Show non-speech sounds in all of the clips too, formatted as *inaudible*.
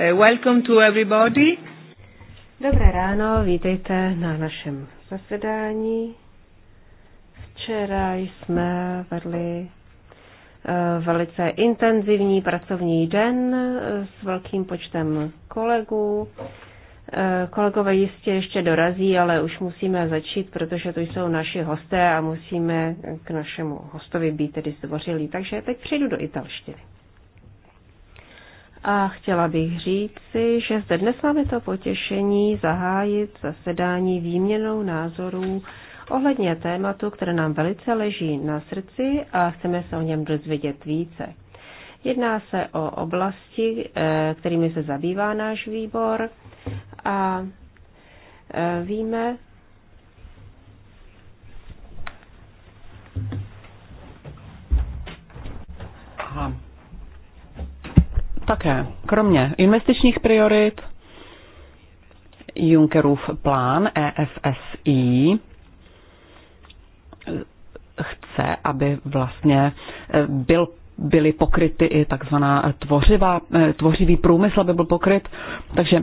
Eh, welcome to everybody. Dobré ráno, vítejte na našem zasedání. Včera jsme vedli eh, velice intenzivní pracovní den eh, s velkým počtem kolegů. Kolegové jistě ještě dorazí, ale už musíme začít, protože to jsou naši hosté a musíme k našemu hostovi být tedy zdvořilí. Takže teď přejdu do italštiny. A chtěla bych říci, že zde dnes máme to potěšení zahájit zasedání výměnou názorů ohledně tématu, které nám velice leží na srdci a chceme se o něm dozvědět více. Jedná se o oblasti, eh, kterými se zabývá náš výbor a eh, víme, Aha také. Kromě investičních priorit, Junckerův plán EFSI chce, aby vlastně eh, byl byly pokryty i takzvaná tvořivá, eh, tvořivý průmysl, aby byl pokryt. Takže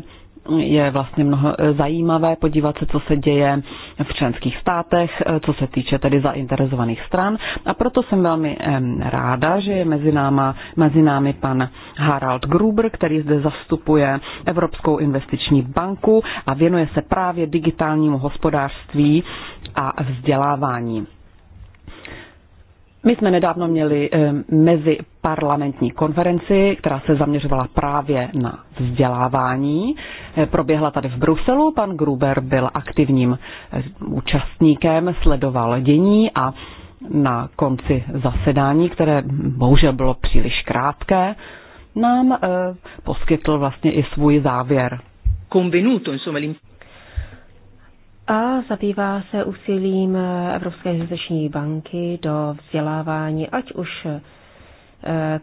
je vlastně mnoho eh, zajímavé podívat se, co se děje v členských státech, eh, co se týče tedy zainteresovaných stran. A proto jsem velmi ráda, že je mezi, náma, mezi námi pan Harald Gruber, který zde zastupuje Evropskou investiční banku a věnuje se právě digitálnímu hospodářství a vzdělávání. My jsme nedávno měli eh, mezi parlamentní konferenci, která se zaměřovala právě na vzdělávání. Eh, proběhla tady v Bruselu, pan Gruber byl aktivním eh, účastníkem, sledoval dění a na konci zasedání, které bohužel bylo příliš krátké, nám poskytl vlastně i svůj závěr. Convenuto, insomma, a zabývá se úsilím Evropské investiční banky do vzdělávání, ať už e,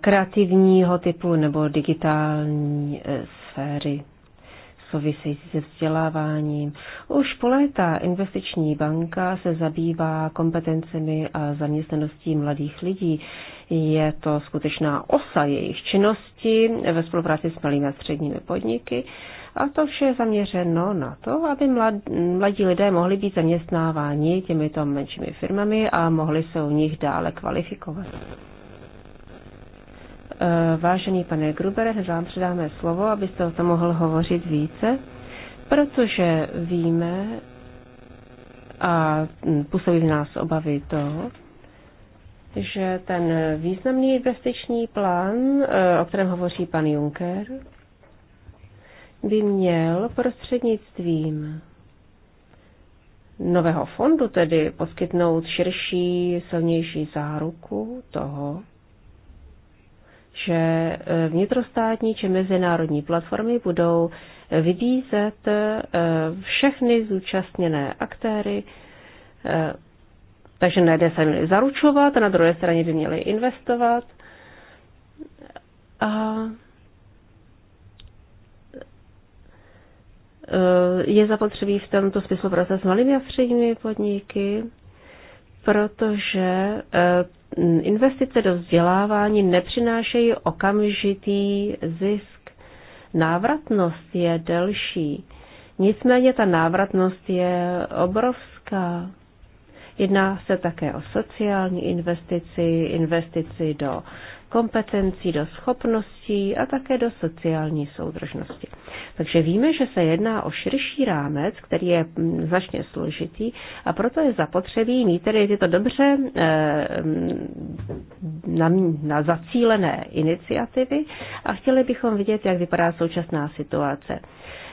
kreativního typu nebo digitální e, sféry související se vzděláváním. Už po léta investiční banka se zabývá kompetencemi a zaměstnaností mladých lidí. Je to skutečná osa jejich činnosti ve spolupráci s malými a středními podniky a to vše je zaměřeno na to, aby mlad, mladí lidé mohli být zaměstnáváni těmito menšími firmami a mohli se u nich dále kvalifikovat. Eh, vážený pane Gruber, hned vám předáme slovo, abyste o tom mohl hovořit více, protože víme a působí v nás obavy toho, že ten významný investiční plán, eh, o kterém hovoří pan Juncker, by měl prostřednictvím nového fondu tedy poskytnout širší, silnější záruku toho, že eh, vnitrostátní či mezinárodní platformy budou vybízet eh, všechny zúčastněné aktéry, eh, takže na jedné straně měli zaručovat, a na druhé straně by měli investovat. A Eh, je zapotřebí v tomto smyslu pracovat s malými a středními podniky, protože eh, investice do vzdělávání nepřinášejí okamžitý zisk. Návratnost je delší, nicméně ta návratnost je obrovská. Jedná se také o sociální investici, investici do kompetencí, do schopností a také do sociální soudržnosti. Takže víme, že se jedná o širší rámec, který je mm, značně složitý a proto je zapotřebí mít tedy tyto dobře eh, mm, na, na zacílené iniciativy a chtěli bychom vidět, jak vypadá současná situace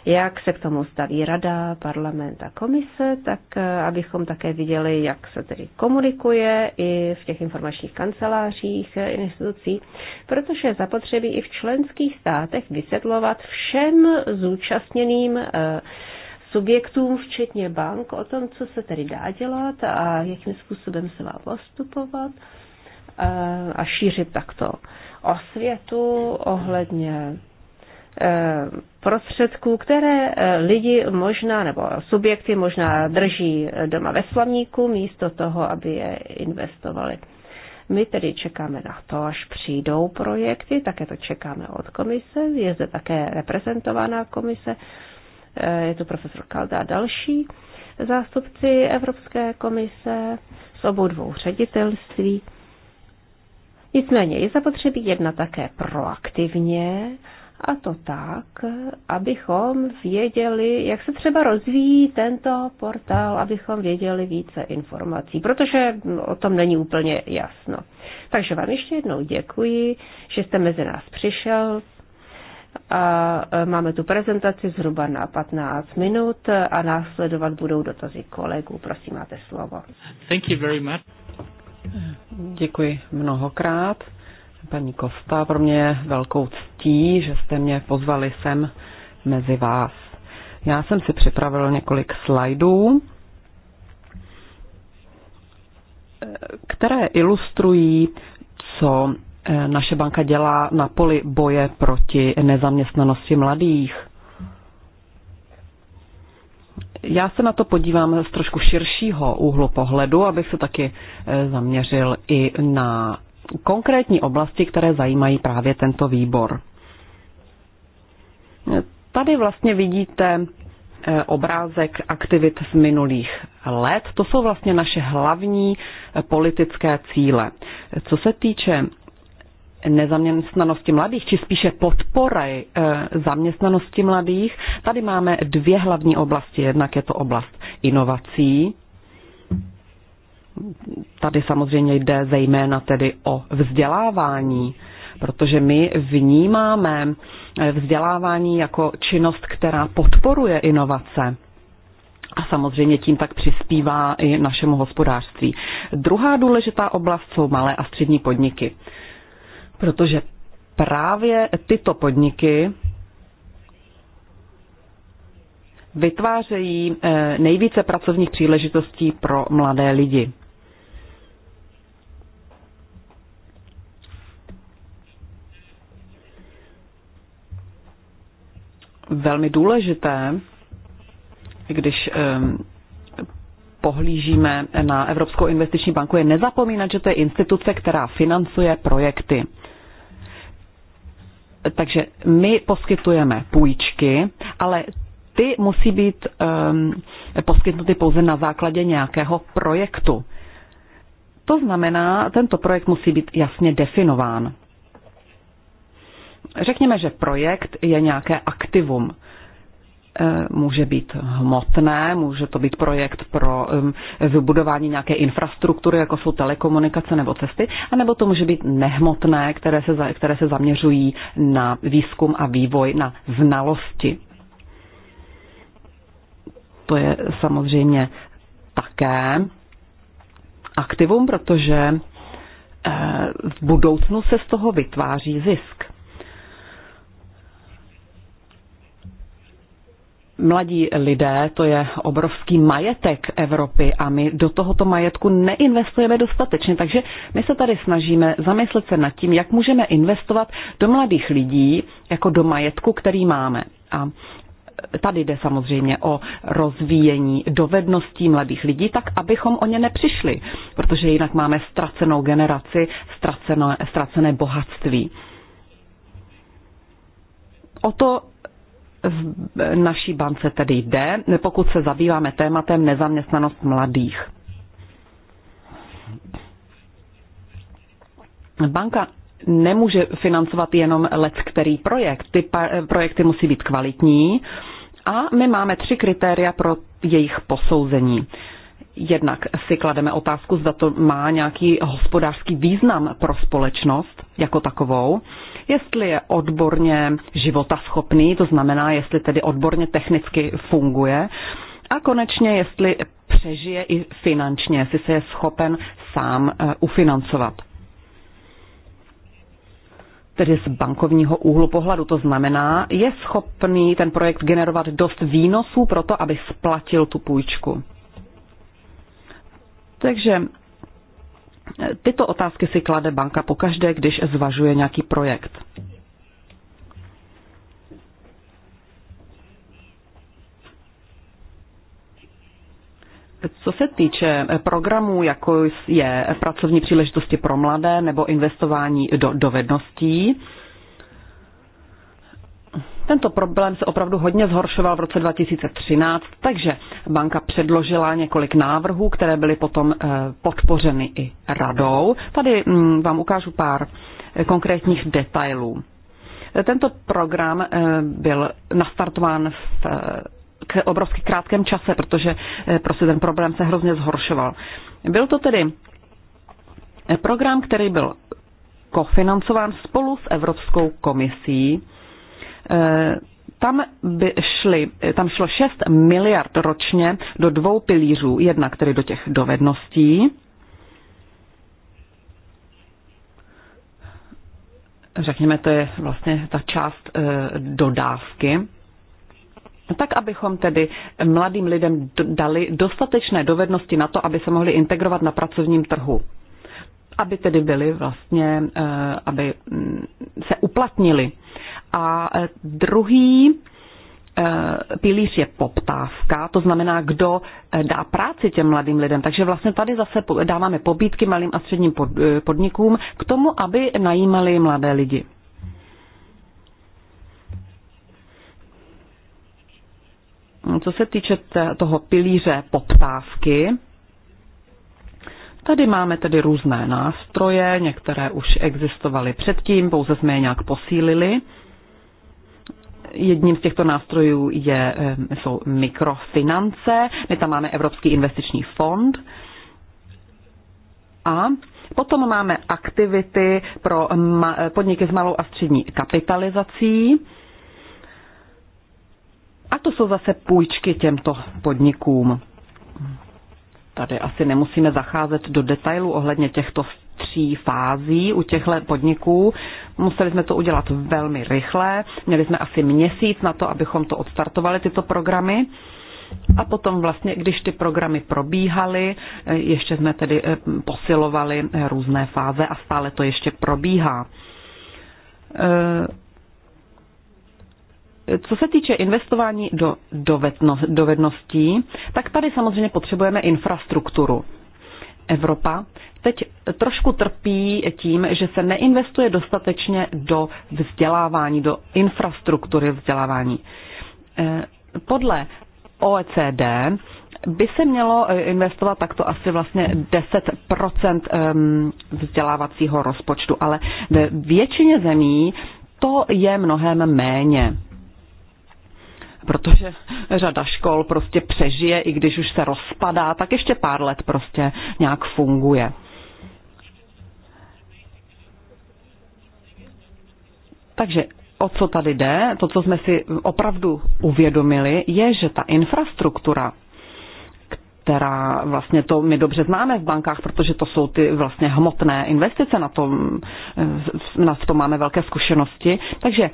jak se k tomu staví rada, parlament a komise, tak eh, abychom také viděli, jak se tedy komunikuje i v těch informačních kancelářích eh, institucí, protože je zapotřebí i v členských státech vysvětlovat všem zúčastněným eh, subjektům, včetně bank, o tom, co se tedy dá dělat a jakým způsobem se má postupovat a šířit takto osvětu ohledně prostředků, které eh, lidi možná nebo subjekty možná drží eh, doma ve slavníku místo toho, aby je investovali. My tedy čekáme na to, až přijdou projekty, také to čekáme od komise, je zde také reprezentovaná komise, eh, je tu profesor Kalda a další zástupci Evropské komise z obou dvou ředitelství. Nicméně je zapotřebí jedna také proaktivně a to tak, abychom věděli, jak se třeba rozvíjí tento portál, abychom věděli více informací, protože o tom není úplně jasno. Takže vám ještě jednou děkuji, že jste mezi nás přišel. A e, máme tu prezentaci zhruba na 15 minut a následovat budou dotazy kolegů. Prosím, máte slovo. Thank you very much. Děkuji mnohokrát. Paní Kosta, pro mě je velkou ctí, že jste mě pozvali sem mezi vás. Já jsem si připravil několik slajdů, které ilustrují, co eh, naše banka dělá na poli boje proti nezaměstnanosti mladých. Já se na to podívám z trošku širšího úhlu pohledu, abych se taky eh, zaměřil i na konkrétní oblasti, které zajímají právě tento výbor. Tady vlastně vidíte eh, obrázek aktivit z minulých let. To jsou vlastně naše hlavní eh, politické cíle. Co se týče nezaměstnanosti mladých, či spíše podpory eh, zaměstnanosti mladých. Tady máme dvě hlavní oblasti. Jednak je to oblast inovací, Tady samozřejmě jde zejména tedy o vzdělávání, protože my vnímáme eh, vzdělávání jako činnost, která podporuje inovace. A samozřejmě tím tak přispívá i našemu hospodářství. Druhá důležitá oblast jsou malé a střední podniky, protože právě tyto podniky vytvářejí eh, nejvíce pracovních příležitostí pro mladé lidi. velmi důležité, když ehm, pohlížíme na Evropskou investiční banku, je nezapomínat, že to je instituce, která financuje projekty. Takže my poskytujeme půjčky, ale ty musí být um, poskytnuty pouze na základě nějakého projektu. To znamená, tento projekt musí být jasně definován. Řekněme, že projekt je nějaké aktivum. E, může být hmotné, může to být projekt pro vybudování nějaké infrastruktury, jako jsou telekomunikace nebo cesty, anebo to může být nehmotné, které se, které se zaměřují na výzkum a vývoj, na znalosti. To je samozřejmě také aktivum, protože e, v budoucnu se z toho vytváří zisk. mladí lidé, to je obrovský majetek Evropy a my do tohoto majetku neinvestujeme dostatečně. Takže my se tady snažíme zamyslet se nad tím, jak můžeme investovat do mladých lidí jako do majetku, který máme. A tady jde samozřejmě o rozvíjení dovedností mladých lidí, tak abychom o ně nepřišli, protože jinak máme ztracenou generaci, ztracené, ztracené bohatství. O to v naší bance tedy jde, pokud se zabýváme tématem nezaměstnanost mladých. Banka nemůže financovat jenom lec který projekt. Ty projekty musí být kvalitní a my máme tři kritéria pro jejich posouzení. Jednak si klademe otázku, zda to má nějaký hospodářský význam pro společnost jako takovou jestli je odborně životaschopný, to znamená, jestli tedy odborně technicky funguje, a konečně, jestli přežije i finančně, jestli se je schopen sám eh, ufinancovat. Tedy z bankovního úhlu pohledu to znamená, je schopný ten projekt generovat dost výnosů pro to, aby splatil tu půjčku. Takže Tyto otázky si klade banka pokaždé, když zvažuje nějaký projekt. Co se týče programů, jako je pracovní příležitosti pro mladé nebo investování do dovedností, tento problém se opravdu hodně zhoršoval v roce 2013, takže banka předložila několik návrhů, které byly potom eh, podpořeny i radou. Tady mm, vám ukážu pár eh, konkrétních detailů. Tento program eh, byl nastartován v k obrovsky krátkém čase, protože prostě ten problém se hrozně zhoršoval. Byl to tedy program, který byl kofinancován spolu s Evropskou komisí tam by šli, tam šlo 6 miliard ročně do dvou pilířů. jedna, tedy do těch dovedností, řekněme, to je vlastně ta část eh, dodávky, tak abychom tedy mladým lidem dali dostatečné dovednosti na to, aby se mohli integrovat na pracovním trhu. Aby tedy byli vlastně, eh, aby mm, se uplatnili a e, druhý e, pilíř je poptávka, to znamená, kdo e, dá práci těm mladým lidem. Takže vlastně tady zase dáváme pobídky malým a středním podnikům k tomu, aby najímali mladé lidi. Co se týče toho pilíře poptávky, Tady máme tedy různé nástroje, některé už existovaly předtím, pouze jsme je nějak posílili. Jedním z těchto nástrojů je, eh, jsou mikrofinance. My tam máme Evropský investiční fond. A potom máme aktivity pro eh, podniky s malou a střední kapitalizací. A to jsou zase půjčky těmto podnikům. Tady asi nemusíme zacházet do detailu ohledně těchto tří fází u těchto podniků. Museli jsme to udělat velmi rychle, měli jsme asi měsíc na to, abychom to odstartovali, tyto programy. A potom vlastně, když ty programy probíhaly, ještě jsme tedy eh, posilovali různé fáze a stále to ještě probíhá. Eh, co se týče investování do dovedností, tak tady samozřejmě potřebujeme infrastrukturu. Evropa teď trošku trpí tím, že se neinvestuje dostatečně do vzdělávání, do infrastruktury vzdělávání. Eh, podle OECD by se mělo eh, investovat takto asi vlastně 10% ehm, vzdělávacího rozpočtu, ale ve většině zemí to je mnohem méně protože řada škol prostě přežije, i když už se rozpadá, tak ještě pár let prostě nějak funguje. Takže o co tady jde, to, co jsme si opravdu uvědomili, je, že ta infrastruktura, která vlastně to my dobře známe v bankách, protože to jsou ty vlastně hmotné investice, na tom, na to máme velké zkušenosti. Takže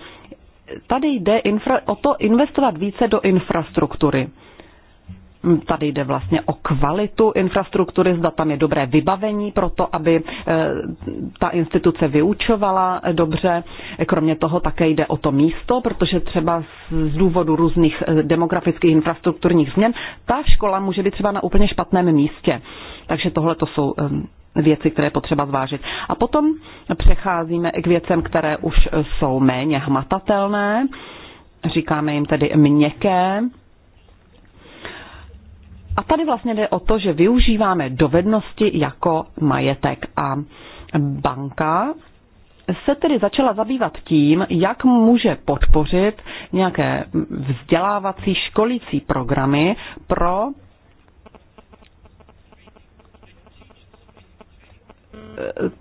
tady jde infra, o to investovat více do infrastruktury. Tady jde vlastně o kvalitu infrastruktury, zda tam je dobré vybavení pro to, aby eh, ta instituce vyučovala dobře. Kromě toho také jde o to místo, protože třeba z důvodu různých eh, demografických infrastrukturních změn ta škola může být třeba na úplně špatném místě. Takže tohle to jsou ehm, věci, které je potřeba zvážit. A potom přecházíme k věcem, které už jsou méně hmatatelné, říkáme jim tedy měkké. A tady vlastně jde o to, že využíváme dovednosti jako majetek a banka se tedy začala zabývat tím, jak může podpořit nějaké vzdělávací školící programy pro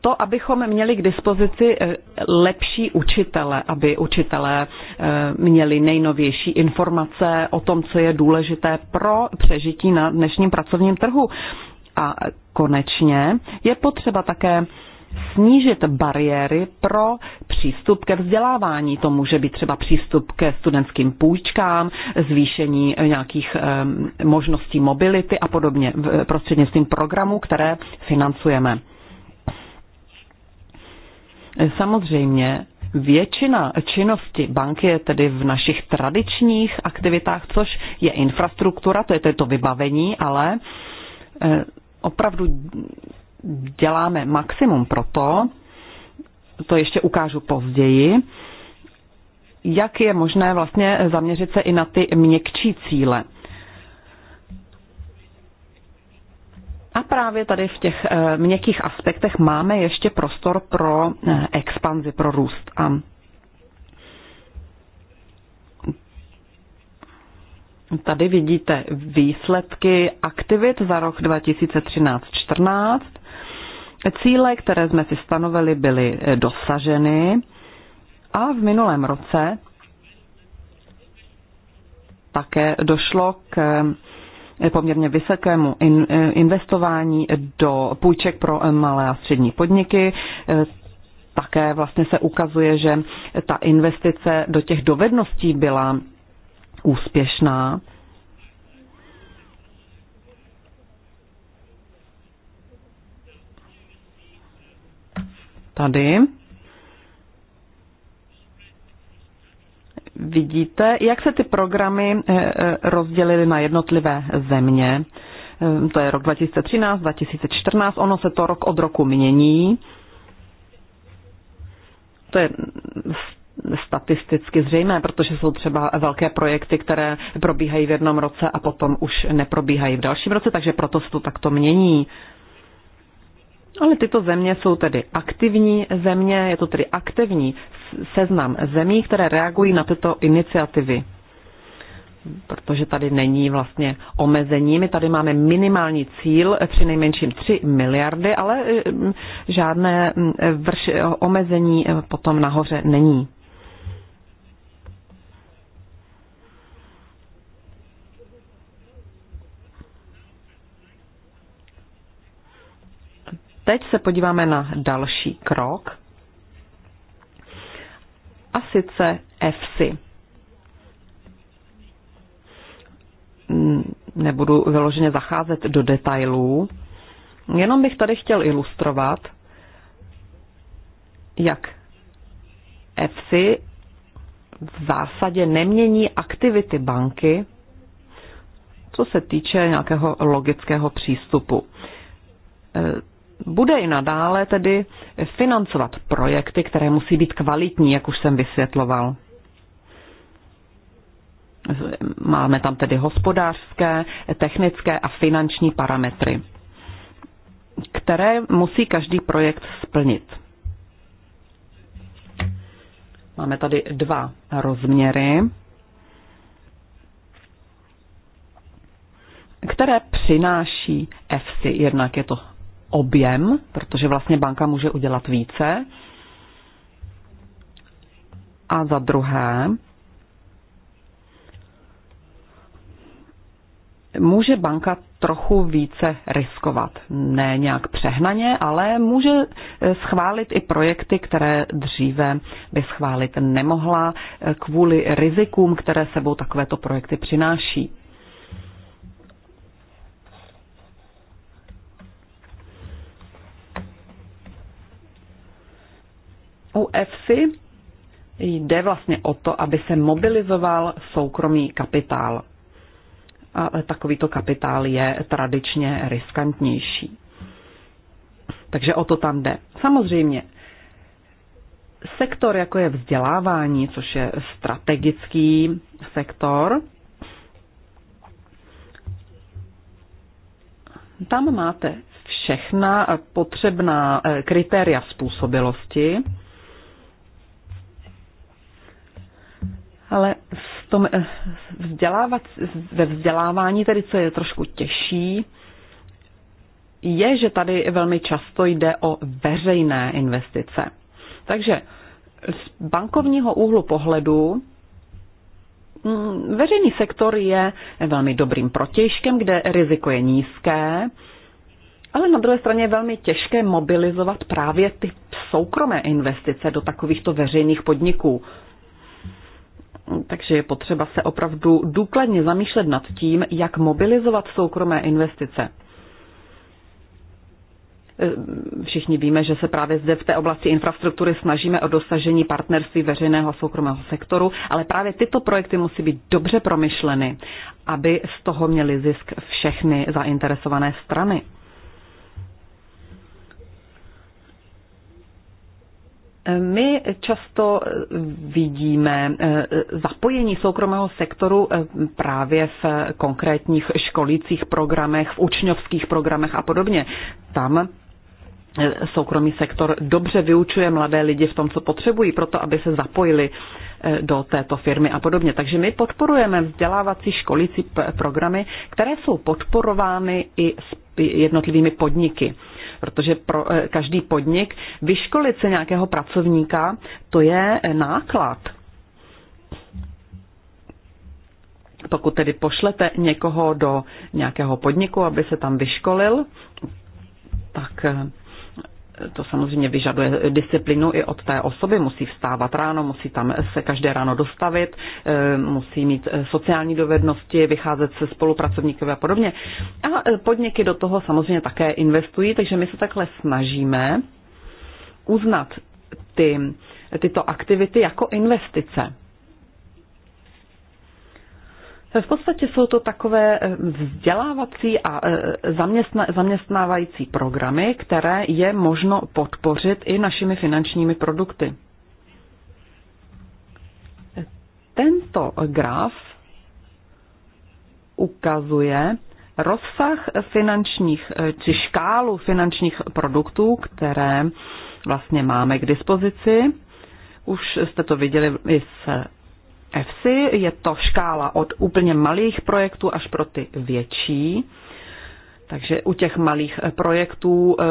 to, abychom měli k dispozici eh, lepší učitele, aby učitelé eh, měli nejnovější informace o tom, co je důležité pro přežití na dnešním pracovním trhu. A konečně je potřeba také snížit bariéry pro přístup ke vzdělávání. To může být třeba přístup ke studentským půjčkám, zvýšení nějakých eh, možností mobility a podobně prostřednictvím programů, které financujeme. Samozřejmě Většina činnosti banky je tedy v našich tradičních aktivitách, což je infrastruktura, to je tedy to vybavení, ale eh, opravdu děláme maximum pro to, to ještě ukážu později, jak je možné vlastně zaměřit se i na ty měkčí cíle. A právě tady v těch eh, měkkých aspektech máme ještě prostor pro eh, expanzi, pro růst. A Tady vidíte výsledky aktivit za rok 2013-14. Cíle, které jsme si stanovili, byly eh, dosaženy a v minulém roce také došlo k poměrně vysokému eh, investování do půjček pro eh, malé a střední podniky. Eh, také vlastně se ukazuje, že ta investice do těch dovedností byla úspěšná. Tady vidíte, jak se ty programy eh, eh, rozdělily na jednotlivé země. Ehm, to je rok 2013, 2014, ono se to rok od roku mění. To je statisticky zřejmé, protože jsou třeba velké projekty, které probíhají v jednom roce a potom už neprobíhají v dalším roce, takže proto se to takto mění. Ale tyto země jsou tedy aktivní země, je to tedy aktivní seznam zemí, které reagují na tyto iniciativy. Protože tady není vlastně omezení. My tady máme minimální cíl, při nejmenším 3 miliardy, ale mm, žádné mm, vrš, omezení eh, potom nahoře není. Teď se podíváme na další krok, a sice EFSI. Nebudu vyloženě zacházet do detailů, jenom bych tady chtěl ilustrovat, jak EFSI v zásadě nemění aktivity banky, co se týče nějakého logického přístupu e, bude i nadále tedy financovat projekty, které musí být kvalitní, jak už jsem vysvětloval. Máme tam tedy hospodářské, technické a finanční parametry, které musí každý projekt splnit. Máme tady dva rozměry, které přináší EFSI. Jednak je to objem, protože vlastně banka může udělat více. A za druhé, může banka trochu více riskovat. Ne nějak přehnaně, ale může eh, schválit i projekty, které dříve by schválit nemohla eh, kvůli rizikům, které sebou takovéto projekty přináší. U EFSI jde vlastně o to, aby se mobilizoval soukromý kapitál. A takovýto kapitál je tradičně riskantnější. Takže o to tam jde. Samozřejmě, sektor, jako je vzdělávání, což je strategický sektor, tam máte všechna potřebná eh, kritéria způsobilosti, Ale v tom eh, vzdělávat, ve vzdělávání, tedy co je trošku těžší, je, že tady velmi často jde o veřejné investice. Takže z bankovního úhlu pohledu mm, veřejný sektor je velmi dobrým protějškem, kde riziko je nízké, ale na druhé straně je velmi těžké mobilizovat právě ty soukromé investice do takovýchto veřejných podniků. Takže je potřeba se opravdu důkladně zamýšlet nad tím, jak mobilizovat soukromé investice. Všichni víme, že se právě zde v té oblasti infrastruktury snažíme o dosažení partnerství veřejného a soukromého sektoru, ale právě tyto projekty musí být dobře promyšleny, aby z toho měly zisk všechny zainteresované strany. My často vidíme eh, zapojení soukromého sektoru eh, právě v konkrétních školících programech, v učňovských programech a podobně. Tam eh, soukromý sektor dobře vyučuje mladé lidi v tom, co potřebují, proto aby se zapojili do této firmy a podobně. Takže my podporujeme vzdělávací školící programy, které jsou podporovány i jednotlivými podniky protože pro eh, každý podnik vyškolit se nějakého pracovníka, to je eh, náklad. Pokud tedy pošlete někoho do nějakého podniku, aby se tam vyškolil, tak eh, to samozřejmě vyžaduje disciplinu i od té osoby, musí vstávat ráno, musí tam se každé ráno dostavit, eh, musí mít eh, sociální dovednosti, vycházet se spolupracovníky a podobně. A eh, podniky do toho samozřejmě také investují, takže my se takhle snažíme uznat ty, tyto aktivity jako investice. V podstatě jsou to takové eh, vzdělávací a eh, zaměstnávající programy, které je možno podpořit i našimi finančními produkty. Tento graf ukazuje rozsah finančních, eh, či škálu finančních produktů, které vlastně máme k dispozici. Už jste to viděli i z FC Je to škála od úplně malých projektů až pro ty větší. Takže u těch malých eh, projektů, eh,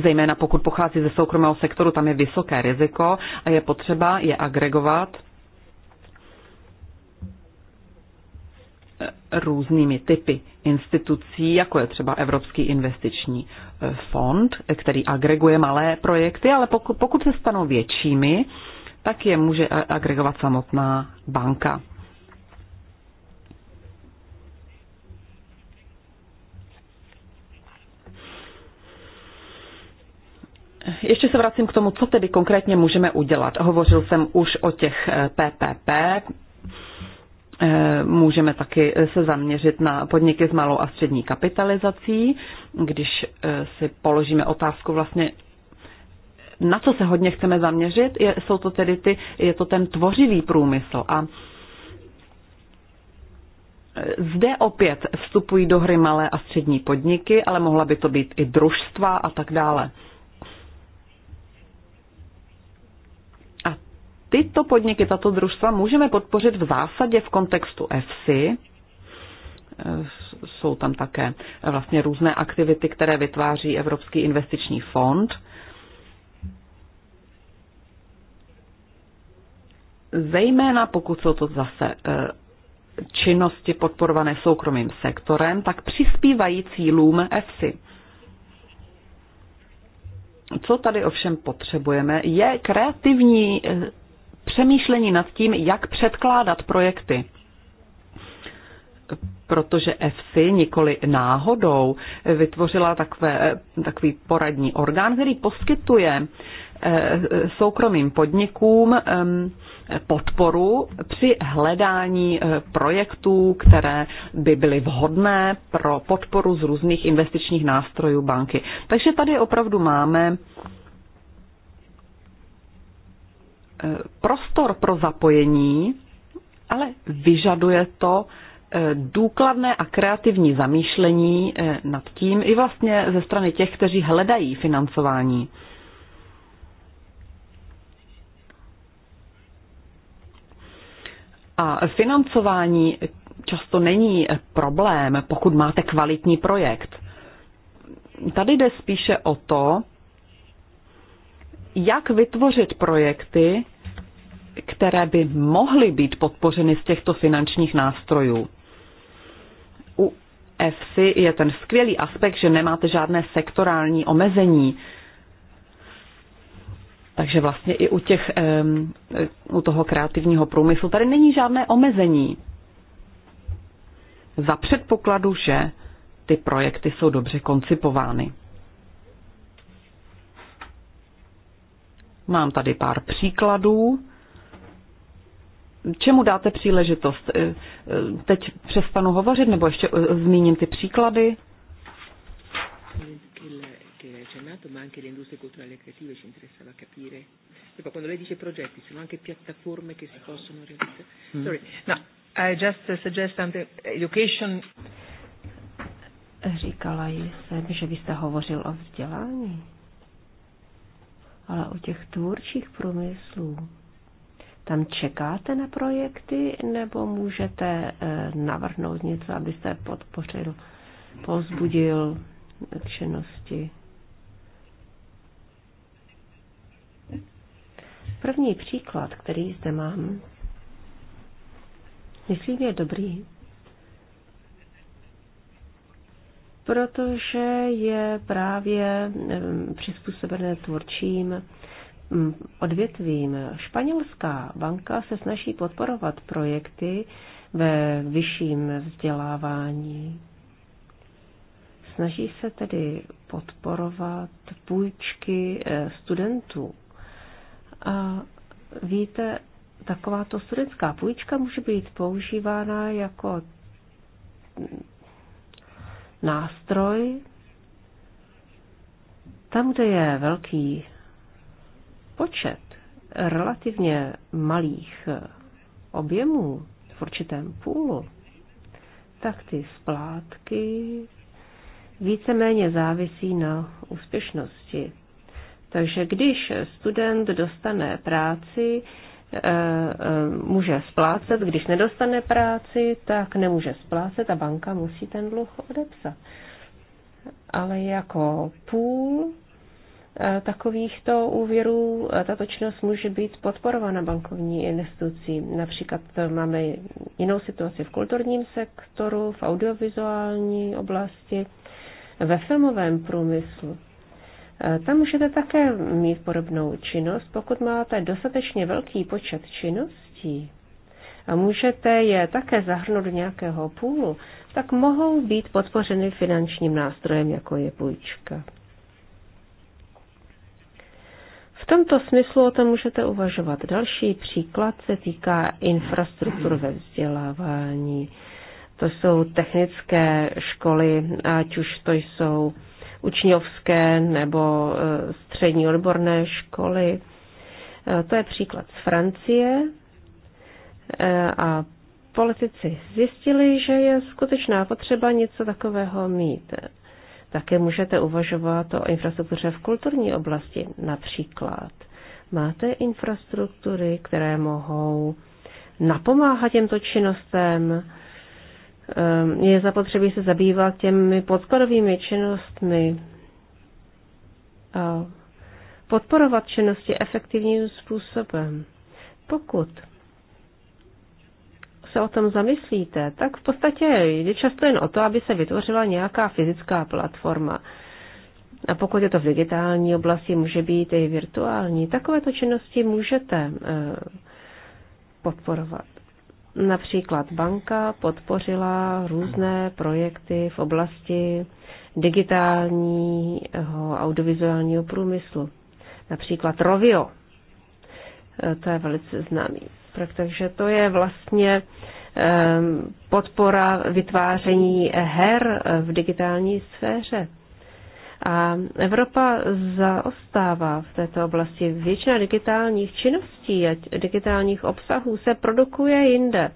zejména pokud pochází ze soukromého sektoru, tam je vysoké riziko a je potřeba je agregovat eh, různými typy institucí, jako je třeba Evropský investiční fond, který agreguje malé projekty, ale pokud, pokud se stanou většími, tak je může agregovat samotná banka. Ještě se vracím k tomu, co tedy konkrétně můžeme udělat. Hovořil jsem už o těch PPP. Eh, eh, můžeme taky eh, se zaměřit na podniky s malou a střední kapitalizací, když si položíme otázku vlastně, na co se hodně chceme zaměřit, je, jsou to tedy ty, je to ten tvořivý průmysl. A e, zde opět vstupují do hry malé a střední podniky, ale mohla by to být i družstva a tak dále. A tyto podniky, tato družstva můžeme podpořit v zásadě v kontextu EFSI, e, jsou tam také vlastně různé aktivity, které vytváří Evropský investiční fond. zejména pokud jsou to zase eh, činnosti podporované soukromým sektorem, tak přispívají cílům EFSI. Co tady ovšem potřebujeme, je kreativní eh, přemýšlení nad tím, jak předkládat projekty. Protože EFSI nikoli náhodou vytvořila takové, eh, takový poradní orgán, který poskytuje Eh, soukromým podnikům podporu při hledání eh, projektů, které by byly vhodné pro podporu z různých investičních nástrojů banky. Takže tady opravdu máme eh, prostor pro zapojení, ale vyžaduje to důkladné a kreativní zamýšlení nad tím i vlastně ze strany těch, kteří hledají financování. A financování často není problém, pokud máte kvalitní projekt. Tady jde spíše o to, jak vytvořit projekty, které by mohly být podpořeny z těchto finančních nástrojů. U EFSI je ten skvělý aspekt, že nemáte žádné sektorální omezení. Takže vlastně i u, těch, u toho kreativního průmyslu tady není žádné omezení. Za předpokladu, že ty projekty jsou dobře koncipovány. Mám tady pár příkladů. Čemu dáte příležitost? Teď přestanu hovořit, nebo ještě eh, zmíním ty příklady? comitato, ma anche le industrie culturali e creative ci interessava capire. Perché quando lei dice progetti, sono anche piattaforme che si eh. possono realizzare. Mm. Sorry. No, I just suggest on the education. Říkala jsem, že byste hovořil o vzdělání, ale o těch tvůrčích průmyslů. Tam čekáte na projekty, nebo můžete eh, navrhnout něco, abyste podpořil, pozbudil k činnosti? První příklad, který zde mám, myslím je dobrý, protože je právě přizpůsobené tvůrčím odvětvím. Španělská banka se snaží podporovat projekty ve vyšším vzdělávání. Snaží se tedy podporovat půjčky eh, studentů a víte, takováto studentská půjčka může být používána jako nástroj tam, kde je velký počet relativně malých objemů v určitém půlu, tak ty splátky víceméně závisí na úspěšnosti takže když student dostane práci, eh, eh, může splácet, když nedostane práci, tak nemůže splácet a banka musí ten dluh odepsat. Ale jako půl eh, takovýchto úvěrů tato činnost může být podporována bankovní institucí. Například máme jinou situaci v kulturním sektoru, v audiovizuální oblasti, ve filmovém průmyslu. Eh, tam můžete také mít podobnou činnost, pokud máte dostatečně velký počet činností a můžete je také zahrnout do nějakého půlu, tak mohou být podpořeny finančním nástrojem, jako je půjčka. V tomto smyslu o tom můžete uvažovat. Další příklad se týká infrastruktur ve vzdělávání. To jsou technické školy, ať už to jsou učňovské nebo e, střední odborné školy. E, to je příklad z Francie e, a politici zjistili, že je skutečná potřeba něco takového mít. Také můžete uvažovat o infrastruktuře v kulturní oblasti. Například máte infrastruktury, které mohou napomáhat těmto činnostem, Eh, je zapotřebí se zabývat těmi podporovými činnostmi a podporovat činnosti efektivním způsobem. Pokud se o tom zamyslíte, tak v podstatě jde často jen o to, aby se vytvořila nějaká fyzická platforma. A pokud je to v digitální oblasti, může být i virtuální. Takovéto činnosti můžete eh, podporovat. Například banka podpořila různé projekty v oblasti digitálního audiovizuálního průmyslu. Například Rovio. E, to je velice známý. Takže to je vlastně podpora vytváření her v digitální sféře. A Evropa zaostává v této oblasti. Většina digitálních činností a digitálních obsahů se produkuje jinde.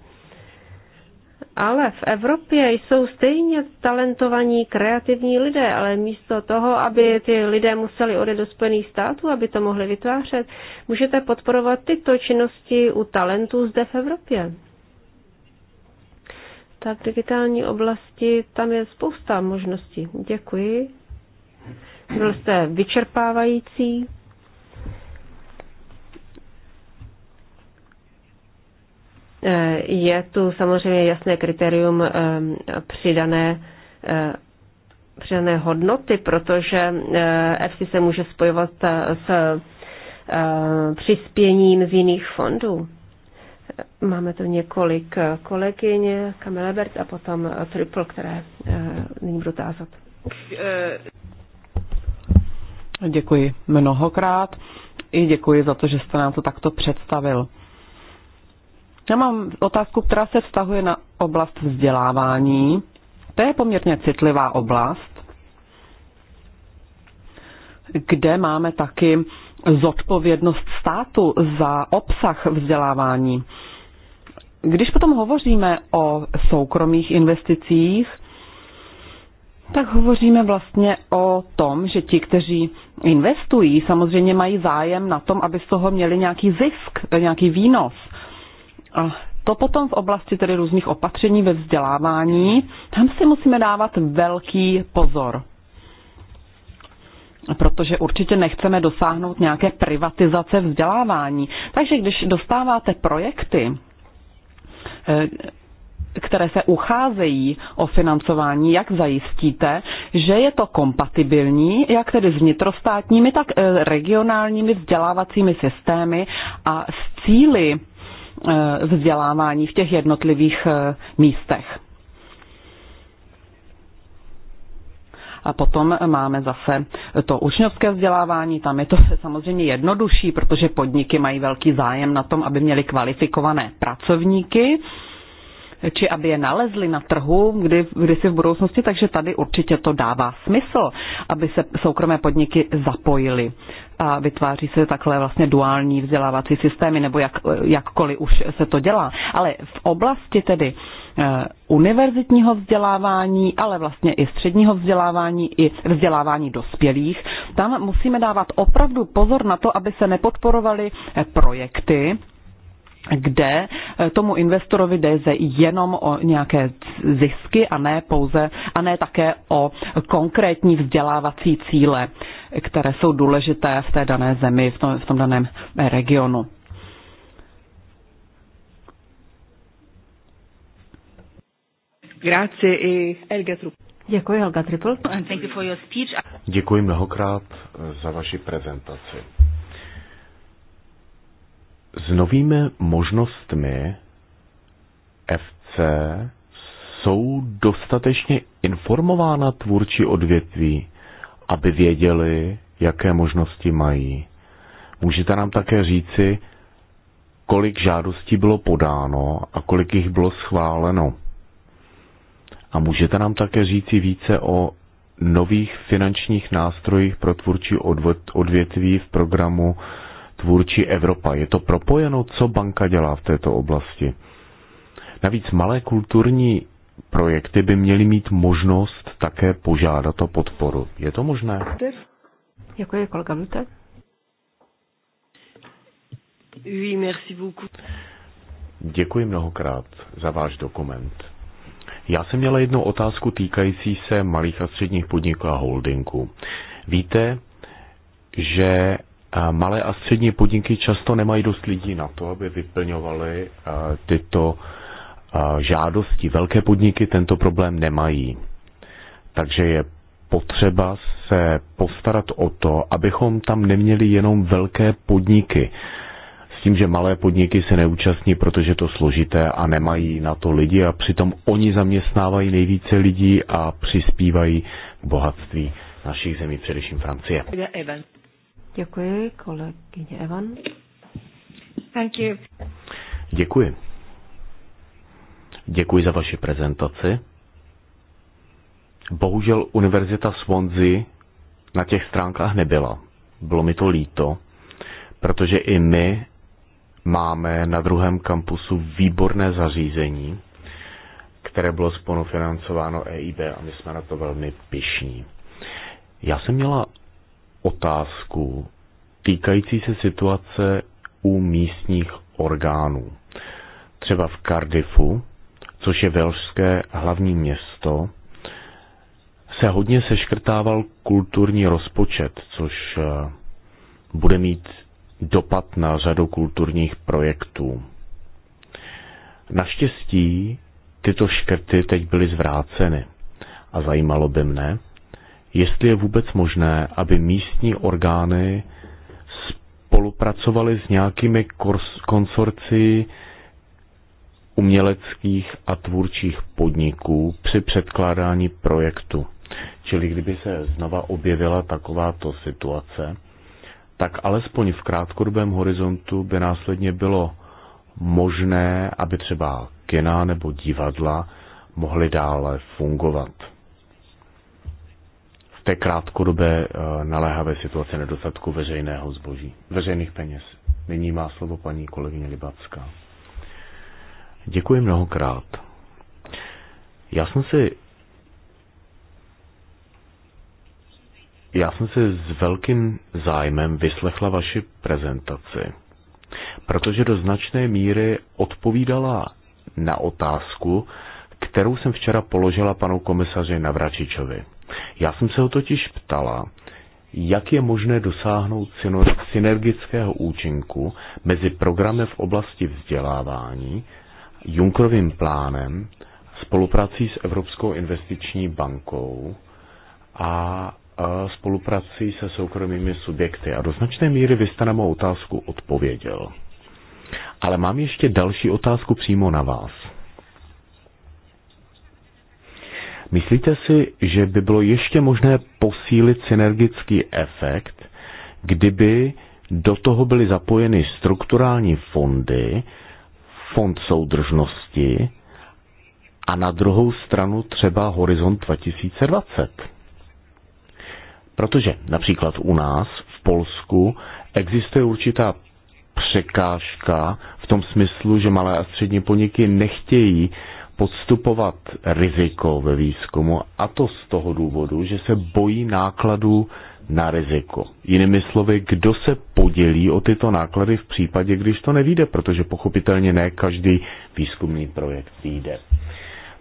Ale v Evropě jsou stejně talentovaní kreativní lidé, ale místo toho, aby ty lidé museli odejít do Spojených států, aby to mohli vytvářet, můžete podporovat tyto činnosti u talentů zde v Evropě. Tak v digitální oblasti tam je spousta možností. Děkuji. Byl jste vyčerpávající. Eh, je tu samozřejmě jasné kritérium eh, přidané, eh, přidané hodnoty, protože EFSI se může spojovat s přispěním z jiných fondů. Máme tu několik kolegyně, Kamelebert a potom Triple, které nyní budu tázat. Děkuji mnohokrát i děkuji za to, že jste nám to takto představil. Já mám otázku, která se vztahuje na oblast vzdělávání. To je poměrně citlivá oblast, kde máme taky zodpovědnost státu za obsah vzdělávání. Když potom hovoříme o soukromých investicích, tak hovoříme vlastně o tom, že ti, kteří investují, samozřejmě mají zájem na tom, aby z toho měli nějaký zisk, eh, nějaký výnos. A to potom v oblasti tedy různých opatření ve vzdělávání, tam si musíme dávat velký pozor. Protože určitě nechceme dosáhnout nějaké privatizace vzdělávání. Takže když dostáváte projekty, eh, které se ucházejí o financování, jak zajistíte, že je to kompatibilní, jak tedy s vnitrostátními, tak eh, regionálními vzdělávacími systémy a s cíly eh, vzdělávání v těch jednotlivých eh, místech. A potom máme zase to učňovské vzdělávání, tam je to *laughs* samozřejmě jednodušší, protože podniky mají velký zájem na tom, aby měli kvalifikované pracovníky či aby je nalezli na trhu kdy, kdysi v budoucnosti, takže tady určitě to dává smysl, aby se soukromé podniky zapojily. A vytváří se takhle vlastně duální vzdělávací systémy, nebo jak, jakkoliv už se to dělá. Ale v oblasti tedy eh, univerzitního vzdělávání, ale vlastně i středního vzdělávání, i vzdělávání dospělých. Tam musíme dávat opravdu pozor na to, aby se nepodporovaly eh, projekty, kde eh, tomu investorovi jde jenom o nějaké zisky a ne pouze a ne také o konkrétní vzdělávací cíle, které jsou důležité v té dané zemi, v tom, v tom daném regionu. Eh, Děkuji, Helga Triple. Děkuji mnohokrát eh, za vaši prezentaci. S novými možnostmi FC jsou dostatečně informována tvůrčí odvětví, aby věděli, jaké možnosti mají. Můžete nám také říci, kolik žádostí bylo podáno a kolik jich bylo schváleno. A můžete nám také říci více o nových finančních nástrojích pro tvůrčí odvětví v programu tvůrčí Evropa. Je to propojeno, co banka dělá v této oblasti? Navíc malé kulturní projekty by měly mít možnost také požádat o podporu. Je to možné? je kolega Lute. Oui, merci beaucoup. Děkuji mnohokrát za váš dokument. Já jsem měla jednu otázku týkající se malých a středních podniků a holdingů. Víte, že Malé a střední podniky často nemají dost lidí na to, aby vyplňovaly eh, tyto eh, žádosti. Velké podniky tento problém nemají. Takže je potřeba se postarat o to, abychom tam neměli jenom velké podniky. S tím, že malé podniky se neúčastní, protože to složité a nemají na to lidi a přitom oni zaměstnávají nejvíce lidí a přispívají k bohatství našich zemí, především Francie. Děkuji, kolegyně Evan. Thank you. Děkuji. Děkuji za vaši prezentaci. Bohužel Univerzita Swansea na těch stránkách nebyla. Bylo mi to líto, protože i my máme na druhém kampusu výborné zařízení, které bylo spolufinancováno EIB a my jsme na to velmi pišní. Já jsem měla otázku týkající se situace u místních orgánů. Třeba v Cardiffu, což je velšské hlavní město, se hodně seškrtával kulturní rozpočet, což eh, bude mít dopad na řadu kulturních projektů. Naštěstí tyto škrty teď byly zvráceny. A zajímalo by mne, jestli je vůbec možné, aby místní orgány spolupracovaly s nějakými konsorci uměleckých a tvůrčích podniků při předkládání projektu. Čili kdyby se znova objevila takováto situace, tak alespoň v krátkodobém horizontu by následně bylo možné, aby třeba kina nebo divadla mohly dále fungovat té krátkodobé eh, naléhavé situace nedostatku veřejného zboží, veřejných peněz. Nyní má slovo paní kolegyně Libacká. Děkuji mnohokrát. Já jsem si Já jsem si s velkým zájmem vyslechla vaši prezentaci, protože do značné míry odpovídala na otázku, kterou jsem včera položila panu komisaři Navračičovi. Já jsem se ho totiž ptala, jak je možné dosáhnout synergického účinku mezi programy v oblasti vzdělávání, Junkrovým plánem, spoluprací s Evropskou investiční bankou a e, spoluprací se soukromými subjekty. A do značné míry vy jste na mou otázku odpověděl. Ale mám ještě další otázku přímo na vás. Myslíte si, že by bylo ještě možné posílit synergický efekt, kdyby do toho byly zapojeny strukturální fondy, fond soudržnosti a na druhou stranu třeba Horizont 2020? Protože například u nás v Polsku existuje určitá překážka v tom smyslu, že malé a střední podniky nechtějí podstupovat riziko ve výzkumu a to z toho důvodu, že se bojí nákladů na riziko. Jinými slovy, kdo se podělí o tyto náklady v případě, když to nevíde, protože pochopitelně ne každý výzkumný projekt vyjde.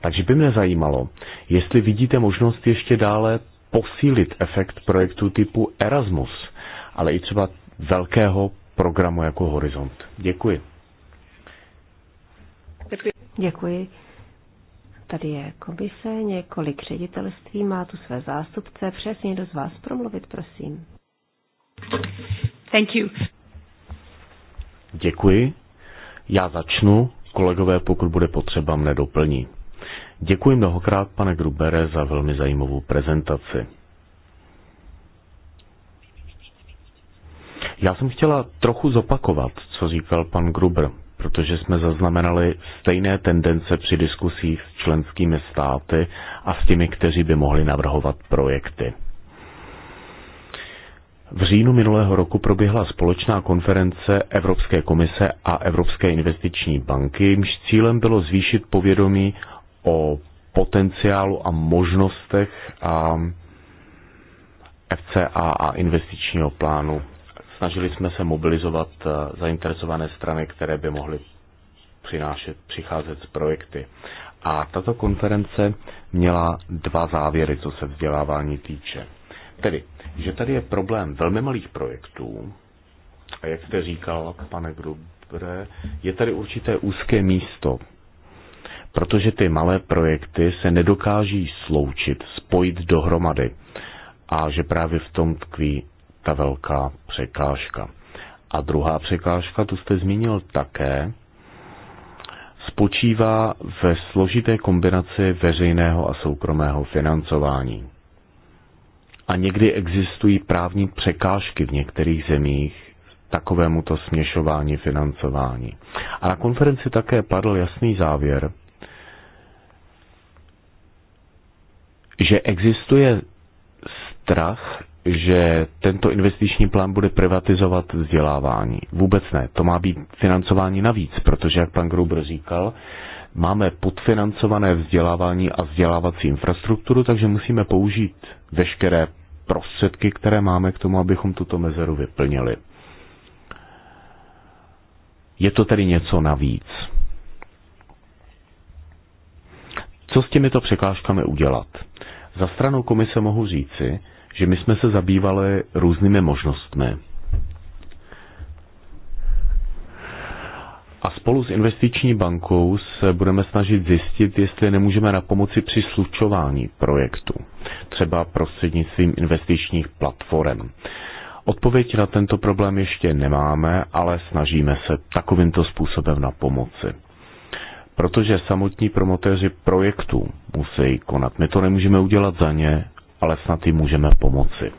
Takže by mě zajímalo, jestli vidíte možnost ještě dále posílit efekt projektu typu Erasmus, ale i třeba velkého programu jako Horizont. Děkuji. Děkuji. Tady je komise, několik ředitelství, má tu své zástupce. přesně někdo z vás promluvit, prosím. Thank you. Děkuji. Já začnu, kolegové, pokud bude potřeba, mne doplní. Děkuji mnohokrát, pane Grubere, za velmi zajímavou prezentaci. Já jsem chtěla trochu zopakovat, co říkal pan Gruber, protože jsme zaznamenali stejné tendence při diskusích s členskými státy a s těmi, kteří by mohli navrhovat projekty. V říjnu minulého roku proběhla společná konference Evropské komise a Evropské investiční banky, jimž cílem bylo zvýšit povědomí o potenciálu a možnostech a FCA a investičního plánu Snažili jsme se mobilizovat eh, zainteresované strany, které by mohly přinášet, přicházet z projekty. A tato konference měla dva závěry, co se vzdělávání týče. Tedy, že tady je problém velmi malých projektů, a jak jste říkal, pane Grubre, je tady určité úzké místo, protože ty malé projekty se nedokáží sloučit, spojit dohromady a že právě v tom tkví ta velká překážka. A druhá překážka, tu jste zmínil také, spočívá ve složité kombinaci veřejného a soukromého financování. A někdy existují právní překážky v některých zemích takovémuto směšování financování. A na konferenci také padl jasný závěr, že existuje strach že tento investiční plán bude privatizovat vzdělávání. Vůbec ne. To má být financování navíc, protože, jak pan Gruber říkal, máme podfinancované vzdělávání a vzdělávací infrastrukturu, takže musíme použít veškeré prostředky, které máme k tomu, abychom tuto mezeru vyplnili. Je to tedy něco navíc. Co s těmito překážkami udělat? Za stranu komise mohu říci, že my jsme se zabývali různými možnostmi. A spolu s investiční bankou se budeme snažit zjistit, jestli nemůžeme na pomoci při slučování projektu, třeba prostřednictvím investičních platform. Odpověď na tento problém ještě nemáme, ale snažíme se takovýmto způsobem na pomoci. Protože samotní promotéři projektů musí konat. My to nemůžeme udělat za ně, ale snad jim můžeme pomoci.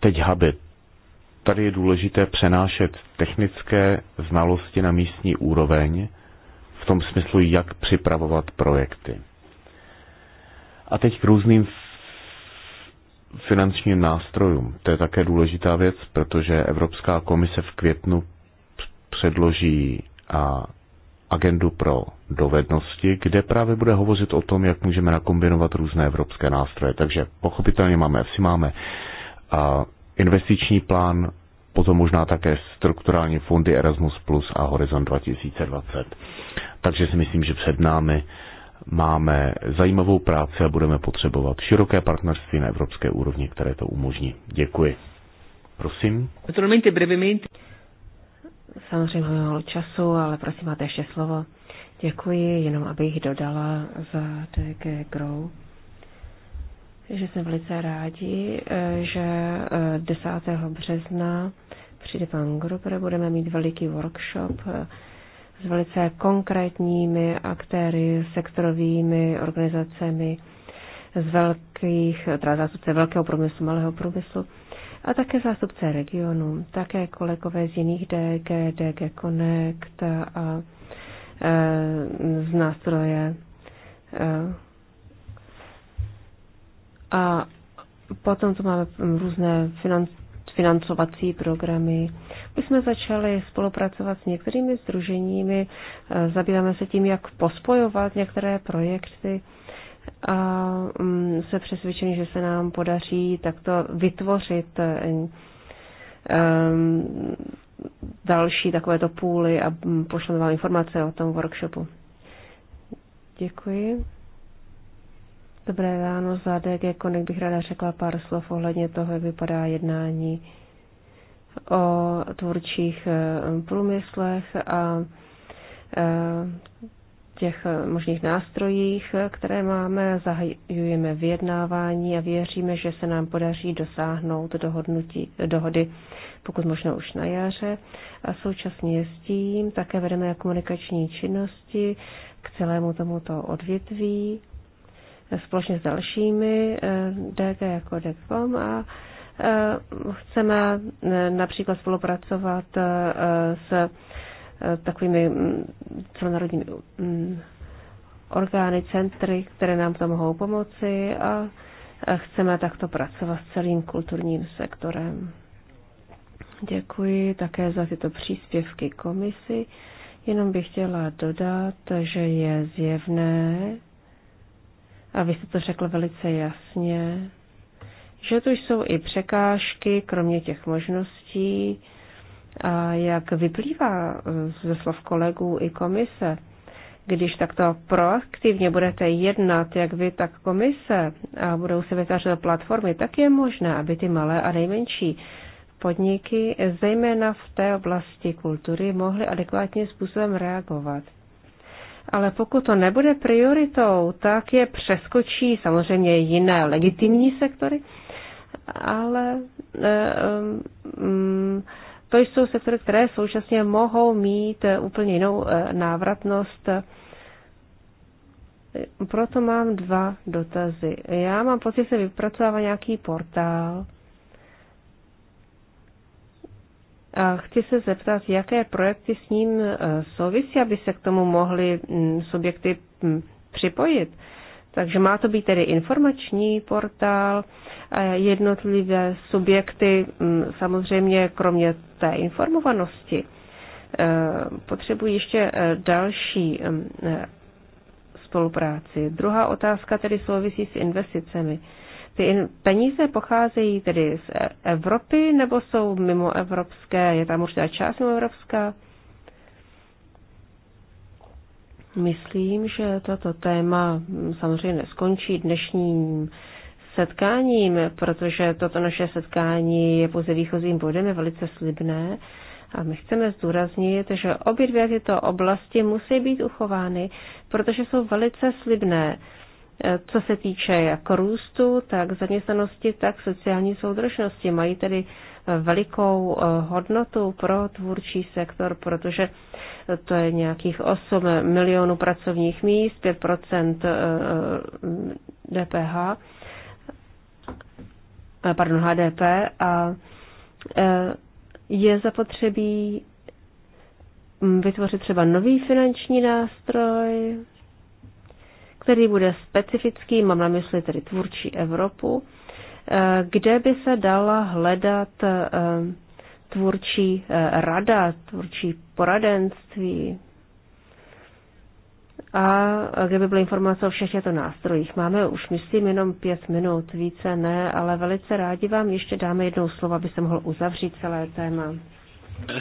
Teď habit. Tady je důležité přenášet technické znalosti na místní úroveň v tom smyslu, jak připravovat projekty. A teď k různým finančním nástrojům. To je také důležitá věc, protože Evropská komise v květnu předloží a agendu pro dovednosti, kde právě bude hovořit o tom, jak můžeme nakombinovat různé evropské nástroje. Takže pochopitelně máme asi máme investiční plán, potom možná také strukturální fondy Erasmus Plus a Horizon 2020. Takže si myslím, že před námi máme zajímavou práci a budeme potřebovat široké partnerství na evropské úrovni, které to umožní. Děkuji. Prosím. Naturalmente brevemente. Samozřejmě málo času, ale prosím, máte ještě slovo. Děkuji, jenom abych dodala za DG Grow, že jsem velice rádi, eh, že 10. Eh, března přijde pan Gruber, budeme mít veliký workshop eh, s velice konkrétními aktéry, sektorovými organizacemi z velkých, teda zástupce velkého průmyslu, malého průmyslu a také zástupce regionu, také kolegové z jiných DG, DG Connect a e, z nástroje. E, a potom tu máme různé financovací programy. My jsme začali spolupracovat s některými združeními, e, zabýváme se tím, jak pospojovat některé projekty a mm, se přesvědčení, že se nám podaří takto vytvořit eh, další takovéto půly a mm, pošleme vám informace o tom workshopu. Děkuji. Dobré ráno, Zadek. Konek jako bych ráda řekla pár slov ohledně toho, jak vypadá jednání o tvůrčích eh, průmyslech a eh, těch eh, možných nástrojích, eh, které máme, zahajujeme vyjednávání a věříme, že se nám podaří dosáhnout dohodnutí, dohody pokud možno už na jaře. A současně s tím také vedeme komunikační činnosti k celému tomuto odvětví eh, společně s dalšími DG jako DECOM a chceme například spolupracovat s Eh, takovými mm, celonárodními mm, orgány, centry, které nám to mohou pomoci a chceme takto pracovat s celým kulturním sektorem. Děkuji také za tyto příspěvky komisi. Jenom bych chtěla dodat, že je zjevné, a vy jste to řekl velice jasně, že tu jsou i překážky, kromě těch možností, a jak vyplývá eh, ze slov kolegů i komise, když takto proaktivně budete jednat, jak vy, tak komise, a budou se vytvářet platformy, tak je možné, aby ty malé a nejmenší podniky, zejména v té oblasti kultury, mohly adekvátním způsobem reagovat. Ale pokud to nebude prioritou, tak je přeskočí samozřejmě jiné legitimní sektory, ale um, um, to jsou sektory, které současně mohou mít eh, úplně jinou eh, návratnost. Eh, proto mám dva dotazy. Já mám pocit, že se vypracovává nějaký portál. A chci se zeptat, jaké projekty s ním souvisí, aby se k tomu mohly mm, subjekty mm, připojit. Takže má to být tedy informační portál, eh, jednotlivé subjekty mm, samozřejmě kromě té informovanosti eh, potřebují ještě eh, další mm, spolupráci. Druhá otázka tedy souvisí s investicemi. Ty peníze pocházejí tedy z Evropy nebo jsou mimo evropské? Je tam určitá část mimo evropská? Myslím, že toto téma samozřejmě neskončí dnešním setkáním, protože toto naše setkání je pouze výchozím bodem, je velice slibné. A my chceme zdůraznit, že obě dvě tyto oblasti musí být uchovány, protože jsou velice slibné, e, co se týče jak růstu, tak zaměstnanosti, tak sociální soudržnosti. Mají tedy velikou eh, hodnotu pro tvůrčí sektor, protože to je nějakých 8 milionů pracovních míst, 5 eh, eh, DPH, pardon, HDP a je zapotřebí mm, vytvořit třeba nový finanční nástroj, který bude specifický, mám na mysli tedy tvůrčí Evropu, Eh, kde by se dala hledat eh, tvůrčí eh, rada, tvůrčí poradenství a kde by byly informace o všech těchto nástrojích. Máme už, myslím, jenom pět minut, více ne, ale velice rádi vám ještě dáme jednou slovo, aby se mohl uzavřít celé téma. Uh,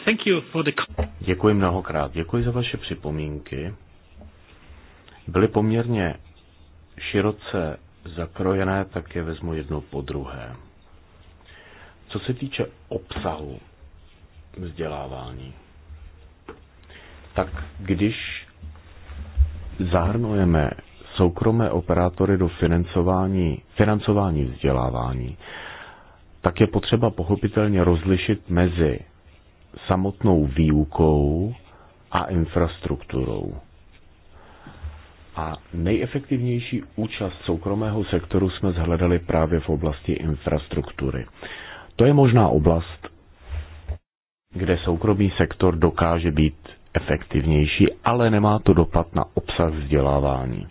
thank you for the... Děkuji mnohokrát. Děkuji za vaše připomínky. Byly poměrně široce zakrojené, tak je vezmu jedno po druhé. Co se týče obsahu vzdělávání, tak když zahrnujeme soukromé operátory do financování, financování vzdělávání, tak je potřeba pochopitelně rozlišit mezi samotnou výukou a infrastrukturou. A nejefektivnější účast soukromého sektoru jsme zhledali právě v oblasti infrastruktury. To je možná oblast, kde soukromý sektor dokáže být efektivnější, ale nemá to dopad na obsah vzdělávání.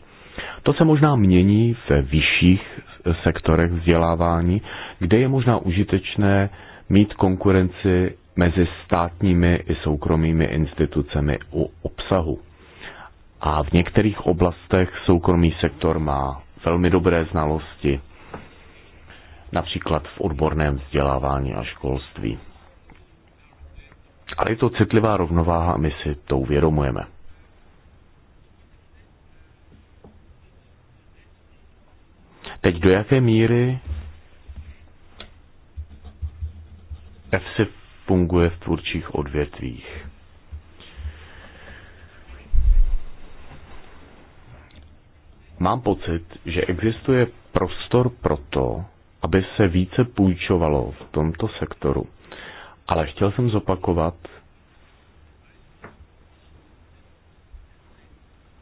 To se možná mění ve vyšších sektorech vzdělávání, kde je možná užitečné mít konkurenci mezi státními i soukromými institucemi u obsahu. A v některých oblastech soukromý sektor má velmi dobré znalosti, například v odborném vzdělávání a školství. Ale je to citlivá rovnováha a my si to uvědomujeme. Teď do jaké míry EFSI funguje v tvůrčích odvětvích? Mám pocit, že existuje prostor pro to, aby se více půjčovalo v tomto sektoru. Ale chtěl jsem zopakovat,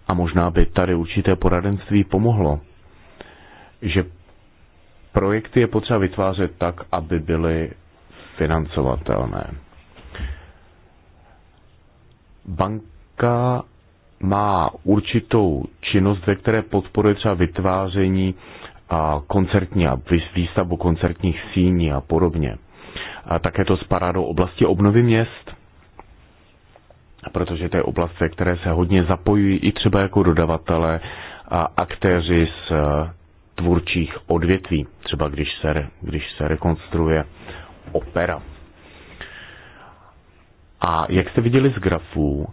a možná by tady určité poradenství pomohlo, že projekty je potřeba vytvářet tak, aby byly financovatelné. Banka má určitou činnost, ve které podporuje třeba vytváření a koncertní a výstavbu koncertních síní a podobně. A také to spadá do oblasti obnovy měst, protože to je oblast, ve které se hodně zapojují i třeba jako dodavatele a aktéři z e, tvůrčích odvětví, třeba když se, když se rekonstruuje opera. A jak jste viděli z grafů,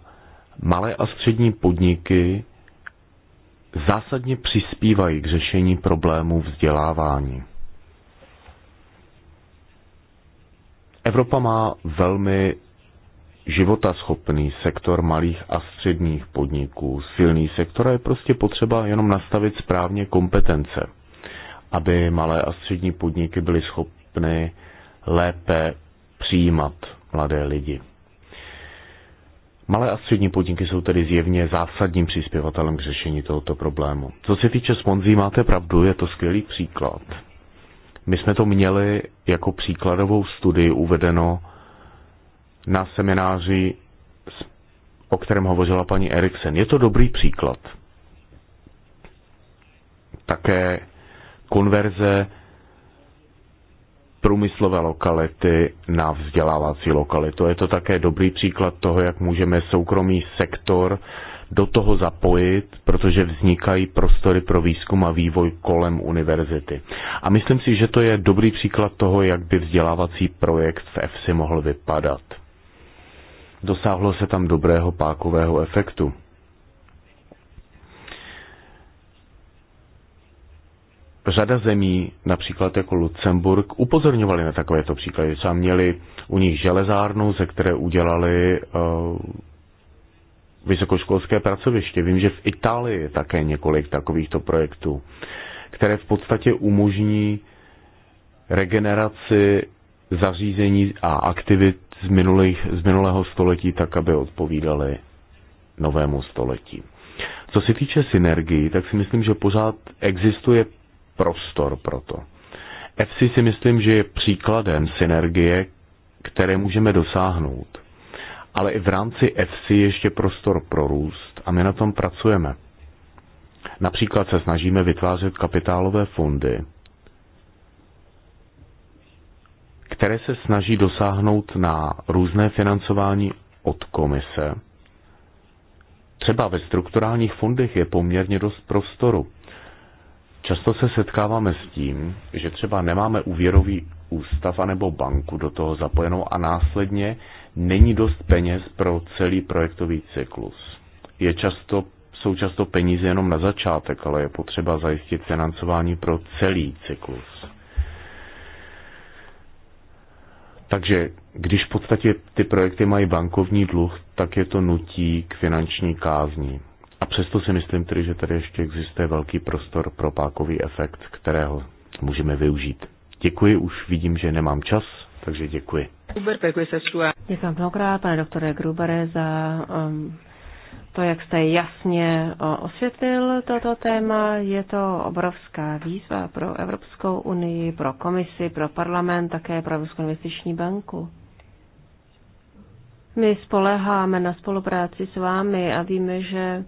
Malé a střední podniky zásadně přispívají k řešení problémů vzdělávání. Evropa má velmi životaschopný sektor malých a středních podniků, silný sektor a je prostě potřeba jenom nastavit správně kompetence, aby malé a střední podniky byly schopny lépe přijímat mladé lidi. Malé a střední podniky jsou tedy zjevně zásadním příspěvatelem k řešení tohoto problému. Co se týče Sponzí, máte pravdu, je to skvělý příklad. My jsme to měli jako příkladovou studii uvedeno na semináři, o kterém hovořila paní Eriksen. Je to dobrý příklad. Také konverze průmyslové lokality na vzdělávací lokalitu. Je to také dobrý příklad toho, jak můžeme soukromý sektor do toho zapojit, protože vznikají prostory pro výzkum a vývoj kolem univerzity. A myslím si, že to je dobrý příklad toho, jak by vzdělávací projekt v EFSI mohl vypadat. Dosáhlo se tam dobrého pákového efektu. řada zemí, například jako Lucemburg, upozorňovali na takovéto příklady. Třeba měli u nich železárnu, ze které udělali uh, vysokoškolské pracoviště. Vím, že v Itálii je také několik takovýchto projektů, které v podstatě umožní regeneraci zařízení a aktivit z, minulých, z minulého století tak, aby odpovídaly novému století. Co se týče synergii, tak si myslím, že pořád existuje prostor pro to. FC si myslím, že je příkladem synergie, které můžeme dosáhnout. Ale i v rámci FC je ještě prostor pro růst a my na tom pracujeme. Například se snažíme vytvářet kapitálové fondy, které se snaží dosáhnout na různé financování od komise. Třeba ve strukturálních fondech je poměrně dost prostoru. Často se setkáváme s tím, že třeba nemáme úvěrový ústav anebo banku do toho zapojenou a následně není dost peněz pro celý projektový cyklus. Je často, jsou často peníze jenom na začátek, ale je potřeba zajistit financování pro celý cyklus. Takže když v podstatě ty projekty mají bankovní dluh, tak je to nutí k finanční kázni. A přesto si myslím tedy, že tady ještě existuje velký prostor pro pákový efekt, kterého můžeme využít. Děkuji, už vidím, že nemám čas, takže děkuji. Děkuji mnohokrát, pane doktore Grubere, za um, to, jak jste jasně osvětlil toto téma. Je to obrovská výzva pro Evropskou unii, pro komisi, pro parlament, také pro Evropskou investiční banku. My spoleháme na spolupráci s vámi a víme, že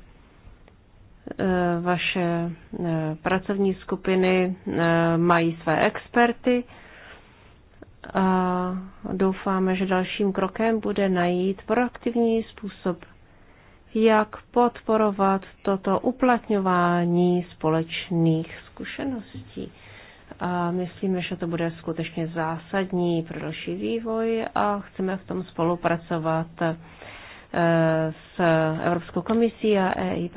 Eh, vaše eh, pracovní skupiny eh, mají své experty a doufáme, že dalším krokem bude najít proaktivní způsob, jak podporovat toto uplatňování společných zkušeností. A myslíme, že to bude skutečně zásadní pro další vývoj a chceme v tom spolupracovat s Evropskou komisí a EIB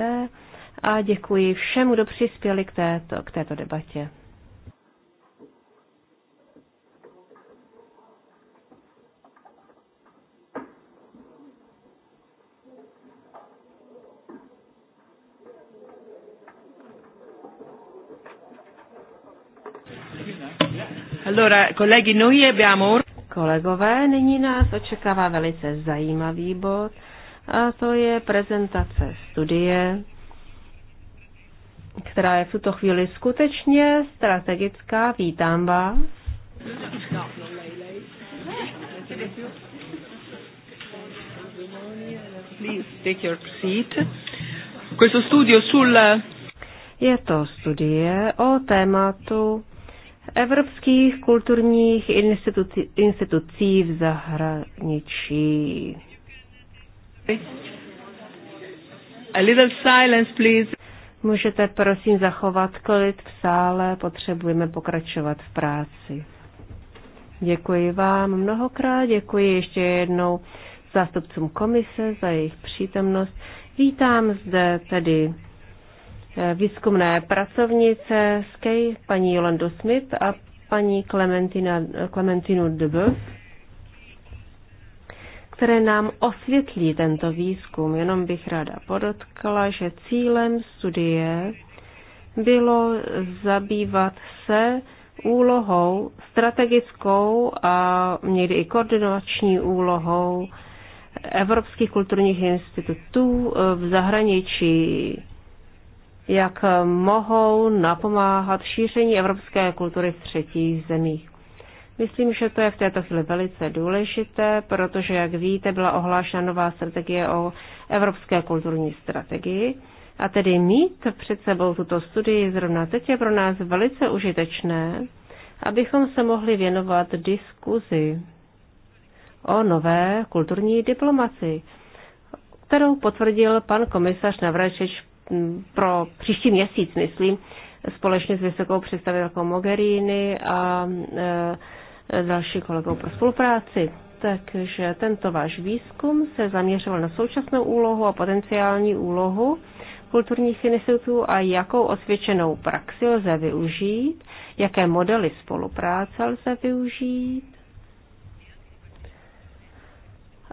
a děkuji všem, kdo přispěli k této, k této debatě. Kolegové, nyní nás očekává velice zajímavý bod, a to je prezentace studie která je v tuto chvíli skutečně strategická. Vítám vás. Je to studie o tématu evropských kulturních institucí, institucí v zahraničí. A little silence, please. Můžete prosím zachovat klid v sále, potřebujeme pokračovat v práci. Děkuji vám mnohokrát, děkuji ještě jednou zástupcům komise za jejich přítomnost. Vítám zde tedy eh, výzkumné pracovnice SKEJ, paní Jolandu Smith a paní Clementina, Clementinu Debeuf které nám osvětlí tento výzkum. Jenom bych ráda podotkla, že cílem studie bylo zabývat se úlohou, strategickou a někdy i koordinační úlohou evropských kulturních institutů v zahraničí, jak mohou napomáhat šíření evropské kultury v třetích zemích. Myslím, že to je v této chvíli velice důležité, protože, jak víte, byla ohlášena nová strategie o evropské kulturní strategii. A tedy mít před sebou tuto studii zrovna teď je pro nás velice užitečné, abychom se mohli věnovat diskuzi o nové kulturní diplomaci, kterou potvrdil pan komisař Navračeč pro příští měsíc, myslím, společně s vysokou představitelkou Mogherini a e, další kolegou pro spolupráci. Takže tento váš výzkum se zaměřoval na současnou úlohu a potenciální úlohu kulturních institutů a jakou osvědčenou praxi lze využít, jaké modely spolupráce lze využít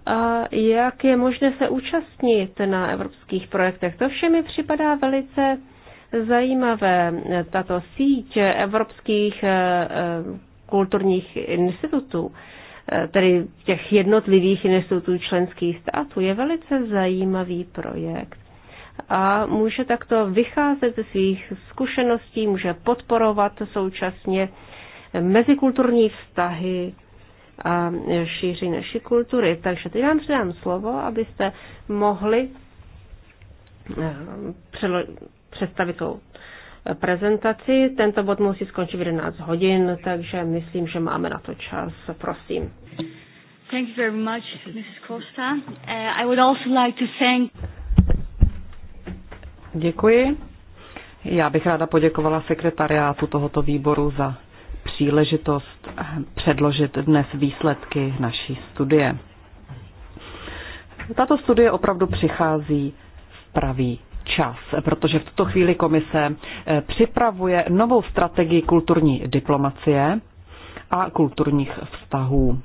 a jak je možné se účastnit na evropských projektech. To vše mi připadá velice zajímavé. Tato síť evropských eh, kulturních institutů, eh, tedy těch jednotlivých institutů členských států, je velice zajímavý projekt. A může takto vycházet ze svých zkušeností, může podporovat současně mezikulturní vztahy a šíří naší kultury. Takže teď vám předám slovo, abyste mohli eh, představit svou prezentaci. Tento bod musí skončit v 11 hodin, takže myslím, že máme na to čas. Prosím. Thank you very much, Mrs. Costa. Uh, I would also like to thank... Děkuji. Já bych ráda poděkovala sekretariátu tohoto výboru za příležitost eh, předložit dnes výsledky naší studie. Tato studie opravdu přichází v pravý čas, protože v tuto chvíli komise eh, připravuje novou strategii kulturní diplomacie a kulturních vztahů.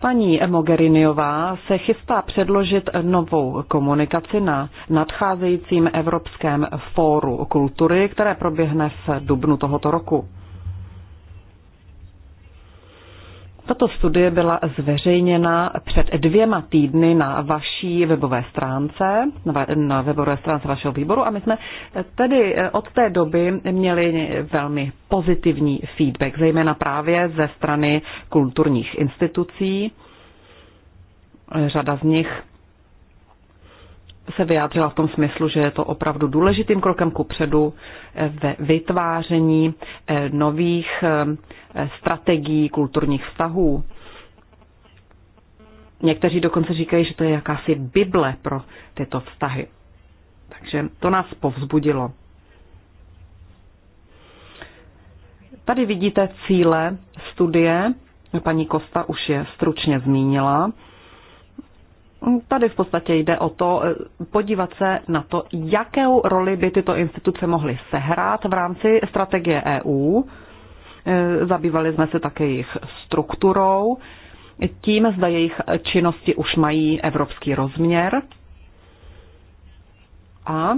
Paní Mogheriniová se chystá předložit novou komunikaci na nadcházejícím Evropském fóru kultury, které proběhne v dubnu tohoto roku. Tato studie byla zveřejněna před dvěma týdny na vaší webové stránce, na webové stránce vašeho výboru a my jsme tedy eh, od té doby měli velmi pozitivní feedback, zejména právě ze strany kulturních institucí. Řada z nich se vyjádřila v tom smyslu, že je to opravdu důležitým krokem ku předu eh, ve vytváření eh, nových eh, strategií kulturních vztahů. Někteří dokonce říkají, že to je jakási Bible pro tyto vztahy. Takže to nás povzbudilo. Tady vidíte cíle studie. Paní Kosta už je stručně zmínila. Tady v podstatě jde o to eh, podívat se na to, jakou roli by tyto instituce mohly sehrát v rámci strategie EU. Eh, zabývali jsme se také jejich strukturou, tím, zda jejich činnosti už mají evropský rozměr. A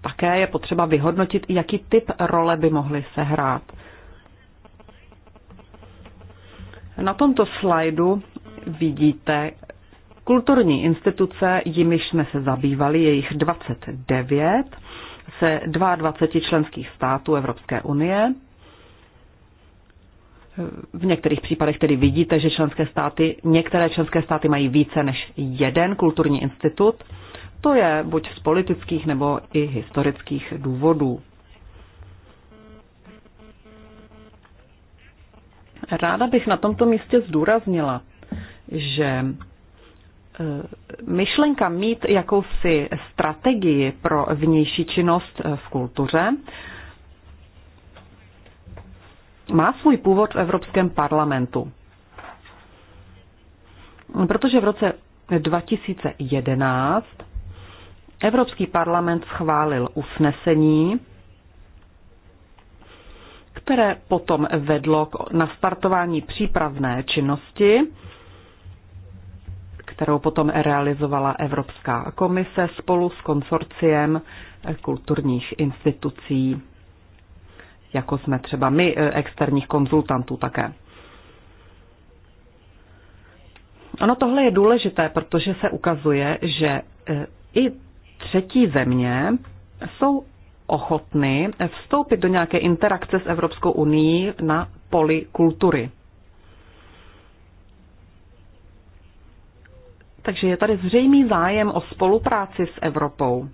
také je potřeba vyhodnotit, jaký typ role by mohly sehrát. Na tomto slajdu vidíte kulturní instituce, jimiž jsme se zabývali, je jich 29 se 22 členských států Evropské unie. V některých případech tedy vidíte, že členské státy, některé členské státy mají více než jeden kulturní institut. To je buď z politických nebo i historických důvodů. Ráda bych na tomto místě zdůraznila že eh, myšlenka mít jakousi strategii pro vnější činnost eh, v kultuře má svůj původ v Evropském parlamentu. Protože v roce 2011 Evropský parlament schválil usnesení, které potom vedlo k nastartování přípravné činnosti kterou potom realizovala Evropská komise spolu s konsorciem kulturních institucí, jako jsme třeba my, eh, externích konzultantů také. Ono tohle je důležité, protože se ukazuje, že eh, i třetí země jsou ochotny vstoupit do nějaké interakce s Evropskou unii na poli kultury. Takže je tady zřejmý zájem o spolupráci s Evropou.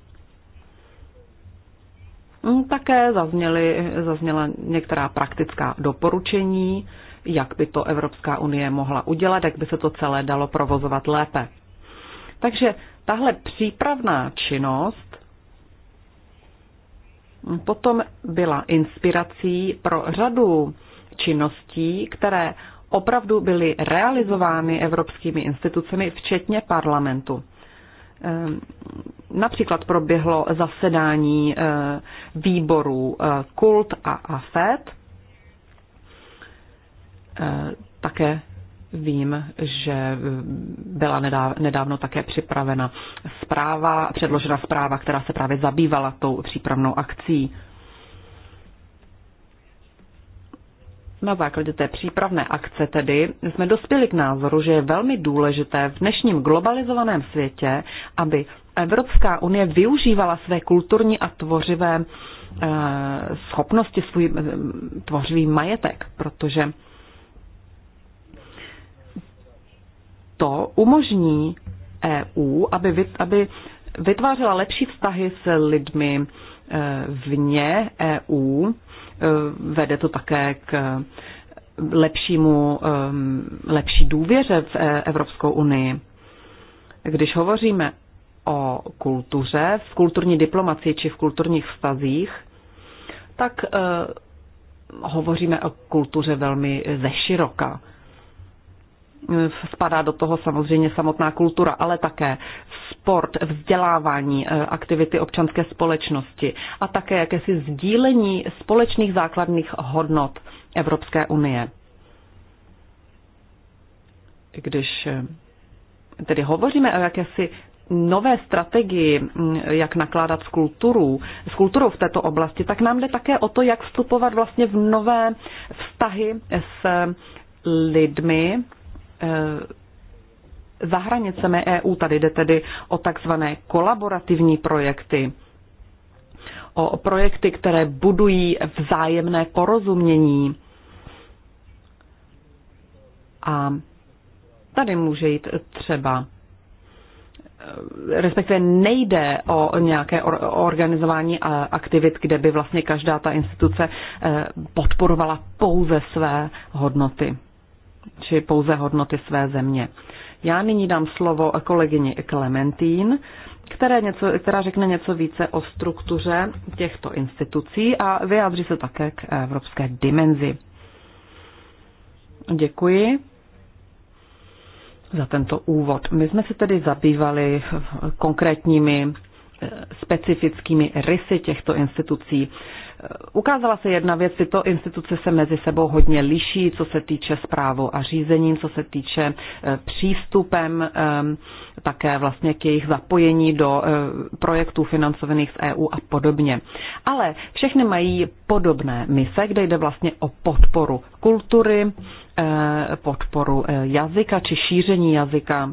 Hm, také zazněly, zazněla některá praktická doporučení, jak by to Evropská unie mohla udělat, jak by se to celé dalo provozovat lépe. Takže tahle přípravná činnost potom byla inspirací pro řadu činností, které opravdu byly realizovány evropskými institucemi, včetně parlamentu. Ehm, například proběhlo zasedání eh, výborů eh, Kult a AFED. Eh, také Vím, že byla nedávno také připravena zpráva, předložena zpráva, která se právě zabývala tou přípravnou akcí. Na základě té přípravné akce tedy jsme dospěli k názoru, že je velmi důležité v dnešním globalizovaném světě, aby Evropská unie využívala své kulturní a tvořivé eh, schopnosti, svůj eh, tvořivý majetek, protože to umožní EU, aby, aby vytvářela lepší vztahy s lidmi eh, vně EU, Eh, vede to také k eh, lepšímu, ehm, lepší důvěře v eh, Evropskou unii. Když hovoříme o kultuře, v kulturní diplomacii či v kulturních vztazích, tak hovoříme o kultuře velmi zeširoka spadá do toho samozřejmě samotná kultura, ale také sport, vzdělávání, e, aktivity občanské společnosti a také jakési sdílení společných základních hodnot Evropské unie. Když e, tedy hovoříme o jakési nové strategii, jak nakládat s kulturou, s kulturou v této oblasti, tak nám jde také o to, jak vstupovat vlastně v nové vztahy s lidmi, Eh, za hranicemi EU. Tady jde tedy o takzvané kolaborativní projekty, o projekty, které budují vzájemné porozumění. A tady může jít třeba eh, respektive nejde o nějaké organizování aktivit, kde by vlastně každá ta instituce eh, podporovala pouze své hodnoty či pouze hodnoty své země. Já nyní dám slovo kolegyni Klementín, něco, která řekne něco více o struktuře těchto institucí a vyjádří se také k evropské dimenzi. Děkuji za tento úvod. My jsme se tedy zabývali konkrétními specifickými rysy těchto institucí. Ukázala se jedna věc, tyto instituce se mezi sebou hodně liší, co se týče zprávou a řízením, co se týče eh, přístupem ehm, také vlastně k jejich zapojení do eh, projektů financovaných z EU a podobně. Ale všechny mají podobné mise, kde jde vlastně o podporu kultury, eh, podporu jazyka či šíření jazyka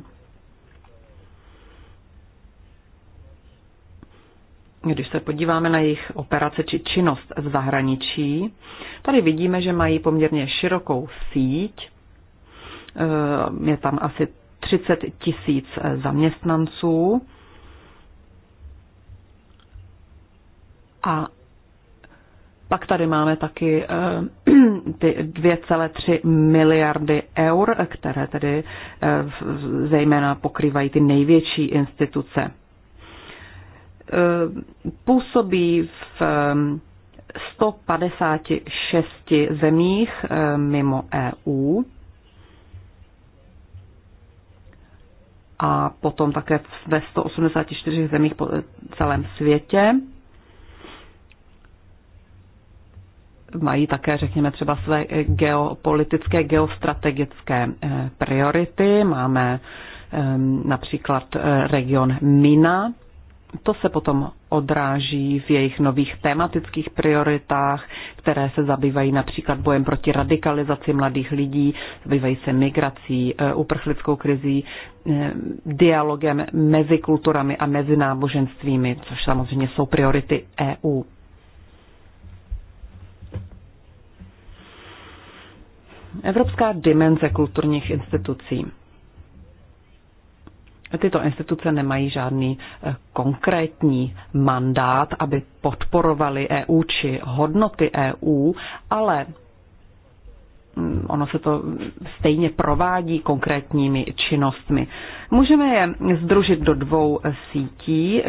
Když se podíváme na jejich operace či činnost z zahraničí, tady vidíme, že mají poměrně širokou síť. Eh, je tam asi 30 tisíc eh, zaměstnanců. A pak tady máme taky eh, ty 2,3 miliardy eur, které tedy zejména pokrývají ty největší instituce působí v 156 ehm, zemích ehm, mimo EU a potom také ve 184 zemích po eh, celém světě. Mají také, řekněme, třeba své eh, geopolitické, geostrategické eh, priority. Máme ehm, například region Mina, to se potom odráží v jejich nových tematických prioritách, které se zabývají například bojem proti radikalizaci mladých lidí, zabývají se migrací, eh, uprchlickou krizí, eh, dialogem mezi kulturami a mezi náboženstvími, což samozřejmě jsou priority EU. Evropská dimenze kulturních institucí tyto instituce nemají žádný eh, konkrétní mandát, aby podporovali EU či hodnoty EU, ale mm, ono se to stejně provádí konkrétními činnostmi. Můžeme je združit do dvou eh, sítí.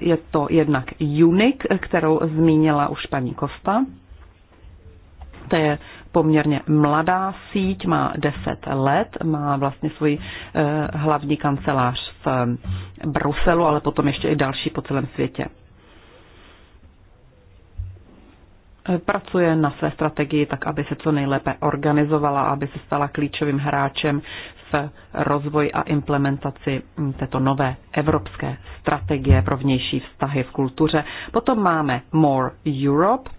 Je to jednak UNIC, kterou zmínila už paní Kosta. To je poměrně mladá síť, má 10 let, má vlastně svůj eh, hlavní kancelář v eh, Bruselu, ale potom ještě i další po celém světě. Eh, pracuje na své strategii tak, aby se co nejlépe organizovala, aby se stala klíčovým hráčem v rozvoji a implementaci hm, této nové evropské strategie pro vnější vztahy v kultuře. Potom máme More Europe,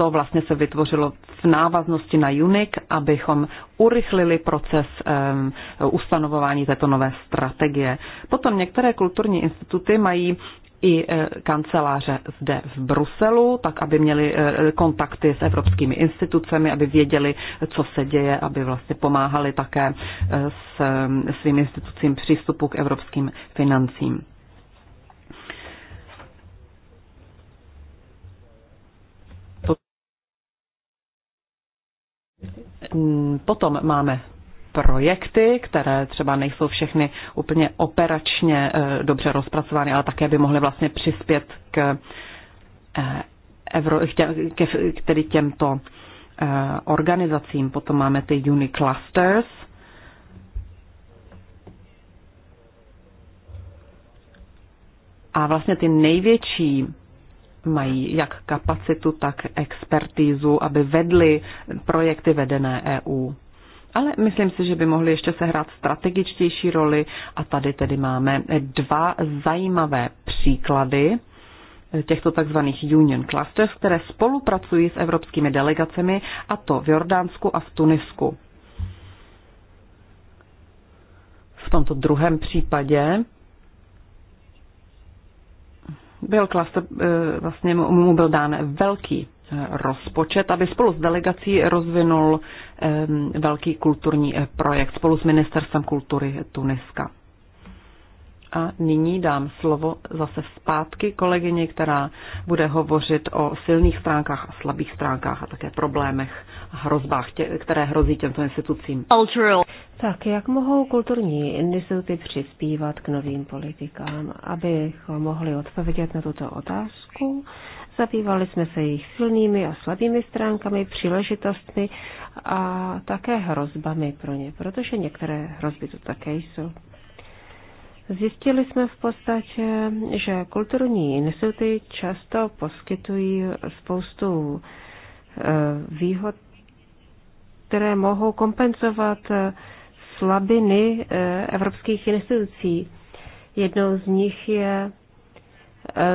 to vlastně se vytvořilo v návaznosti na UNIC, abychom urychlili proces um, ustanovování této nové strategie. Potom některé kulturní instituty mají i e, kanceláře zde v Bruselu, tak aby měli e, kontakty s evropskými institucemi, aby věděli, co se děje, aby vlastně pomáhali také e, s svým institucím přístupu k evropským financím. Mm, potom máme projekty, které třeba nejsou všechny úplně operačně eh, dobře rozpracovány, ale také by mohly vlastně přispět k, eh, evro, k, k tedy těmto eh, organizacím. Potom máme ty Uniclusters, A vlastně ty největší mají jak kapacitu, tak expertízu, aby vedli projekty vedené EU. Ale myslím si, že by mohli ještě sehrát strategičtější roli a tady tedy máme dva zajímavé příklady těchto tzv. Union Clusters, které spolupracují s evropskými delegacemi, a to v Jordánsku a v Tunisku. V tomto druhém případě byl klaster, eh, vlastně mu byl dán velký eh, rozpočet, aby spolu s delegací rozvinul eh, velký kulturní projekt spolu s Ministerstvem kultury Tuniska. A nyní dám slovo zase zpátky kolegyně, která bude hovořit o silných stránkách a slabých stránkách a také problémech a hrozbách, tě, které hrozí těmto institucím. Cultural. Tak, jak mohou kulturní instituty přispívat k novým politikám? Abychom mohli odpovědět na tuto otázku, zabývali jsme se jejich silnými a slabými stránkami, příležitostmi a také hrozbami pro ně, protože některé hrozby tu také jsou. Zjistili jsme v podstatě, že kulturní instituty často poskytují spoustu eh, výhod, které mohou kompenzovat eh, slabiny eh, evropských institucí. Jednou z nich je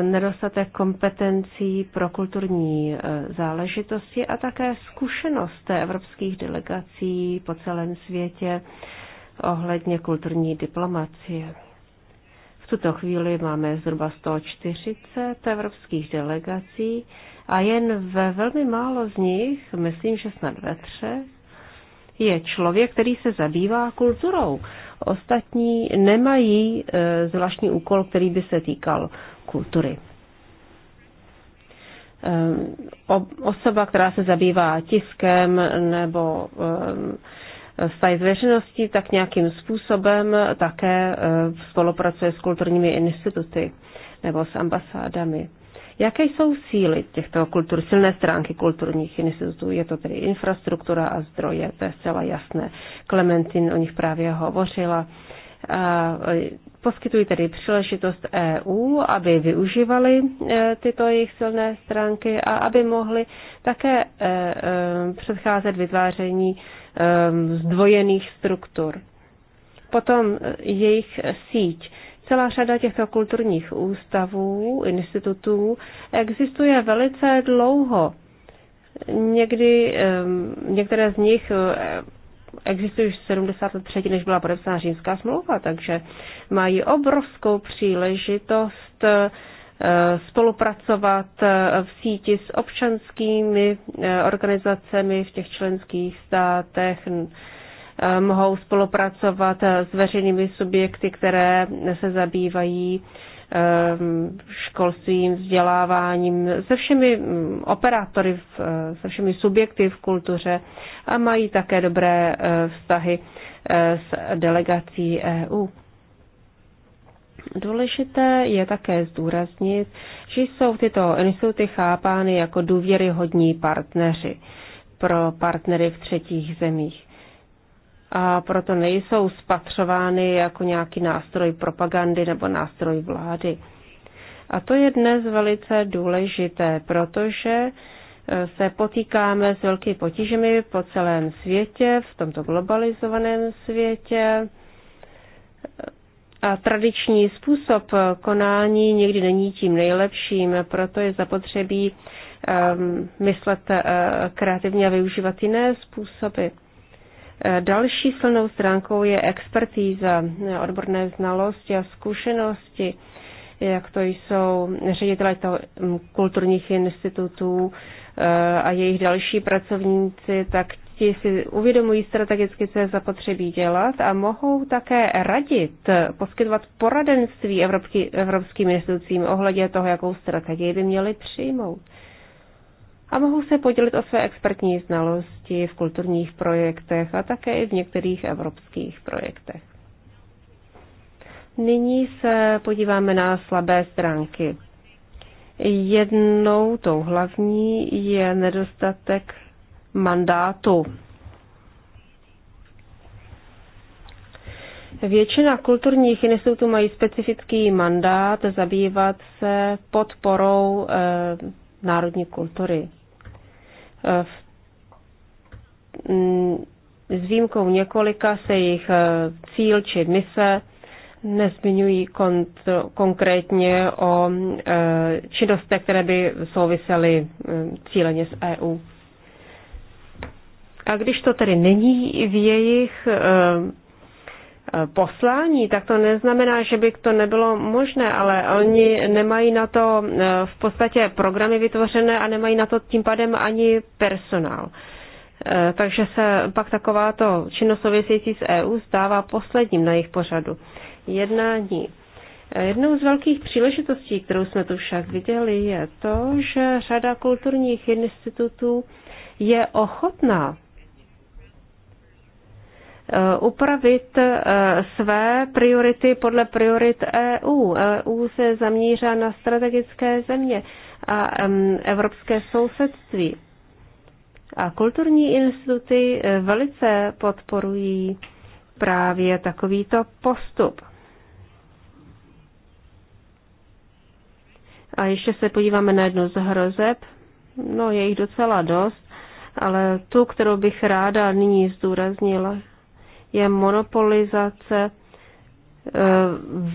nedostatek kompetencí pro kulturní záležitosti a také zkušenost evropských delegací po celém světě ohledně kulturní diplomacie. V tuto chvíli máme zhruba 140 evropských delegací a jen ve velmi málo z nich, myslím, že snad ve třech, je člověk, který se zabývá kulturou. Ostatní nemají e, zvláštní úkol, který by se týkal kultury. E, osoba, která se zabývá tiskem nebo e, vztahy z veřejnosti, tak nějakým způsobem také e, spolupracuje s kulturními instituty nebo s ambasádami. Jaké jsou síly těchto kultur, silné stránky kulturních institutů? Je to tedy infrastruktura a zdroje, to je zcela jasné. Klementin o nich právě hovořila. E, poskytují tedy příležitost EU, aby využívali e, tyto jejich silné stránky a aby mohli také předcházet vytváření Um, zdvojených struktur. Potom eh, jejich síť. Celá řada těchto kulturních ústavů, institutů existuje velice dlouho. Někdy, některé z nich eh, existují už 70 let předtím, než byla podepsána římská smlouva, takže mají obrovskou příležitost eh, Eh, spolupracovat eh, v síti s občanskými eh, organizacemi v těch členských státech, mohou spolupracovat s veřejnými subjekty, které se zabývají školstvím, vzděláváním, se všemi mm, operátory, se všemi subjekty v kultuře a mají také dobré vztahy s delegací EU. Důležité je také zdůraznit, že jsou tyto instituty chápány jako důvěryhodní partneři pro partnery v třetích zemích. A proto nejsou spatřovány jako nějaký nástroj propagandy nebo nástroj vlády. A to je dnes velice důležité, protože eh, se potýkáme s velkými potížemi po celém světě, v tomto globalizovaném světě a tradiční způsob eh, konání někdy není tím nejlepším, proto je zapotřebí ehm, myslet eh, kreativně a využívat jiné způsoby. Eh, další silnou stránkou je expertíza, odborné znalosti a zkušenosti, jak to jsou ředitelé mm, kulturních institutů a jejich další pracovníci, tak ti si uvědomují strategicky, co je zapotřebí dělat a mohou také radit, poskytovat poradenství evropský, evropským institucím ohledně toho, jakou strategii by měli přijmout. A mohou se podělit o své expertní znalosti v kulturních projektech a také i v některých evropských projektech. Nyní se podíváme na slabé stránky. Jednou tou hlavní je nedostatek mandátu. Většina kulturních institutů mají specifický mandát zabývat se podporou e, národní kultury. E, v, m, mm, s výjimkou několika se jejich e, cíl či mise nezmiňují kontr, konkrétně o e, činnostech, které by souvisely e, cíleně s EU. A když to tedy není v jejich eh, eh, poslání, tak to neznamená, že by to nebylo možné, ale oni nemají na to eh, v podstatě programy vytvořené a nemají na to tím pádem ani personál. Takže se pak takováto činnost související s EU stává posledním na jejich pořadu jednání. Jednou z velkých příležitostí, kterou jsme tu však viděli, je to, že řada kulturních institutů je ochotná Eh, upravit eh, své priority podle priorit EU. EU se zamířá na strategické země a evropské sousedství. A kulturní instituty eh, velice podporují právě takovýto postup. A ještě se podíváme na jednu z hrozeb. No, je jich docela dost, ale tu, kterou bych ráda nyní zdůraznila, je monopolizace eh,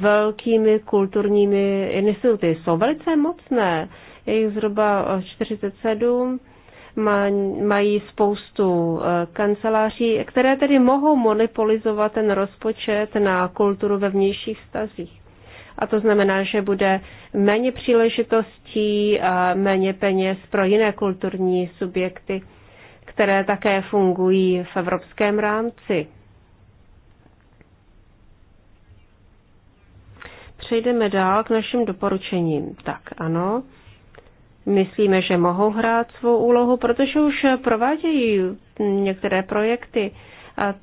velkými kulturními instituty. Jsou velice mocné, je jich zhruba 47, mají spoustu eh, kanceláří, které tedy mohou monopolizovat ten rozpočet na kulturu ve vnějších stazích. A to znamená, že bude méně příležitostí a méně peněz pro jiné kulturní subjekty, které také fungují v evropském rámci. přejdeme dál k našim doporučením. Tak ano, myslíme, že mohou hrát svou úlohu, protože už provádějí některé projekty a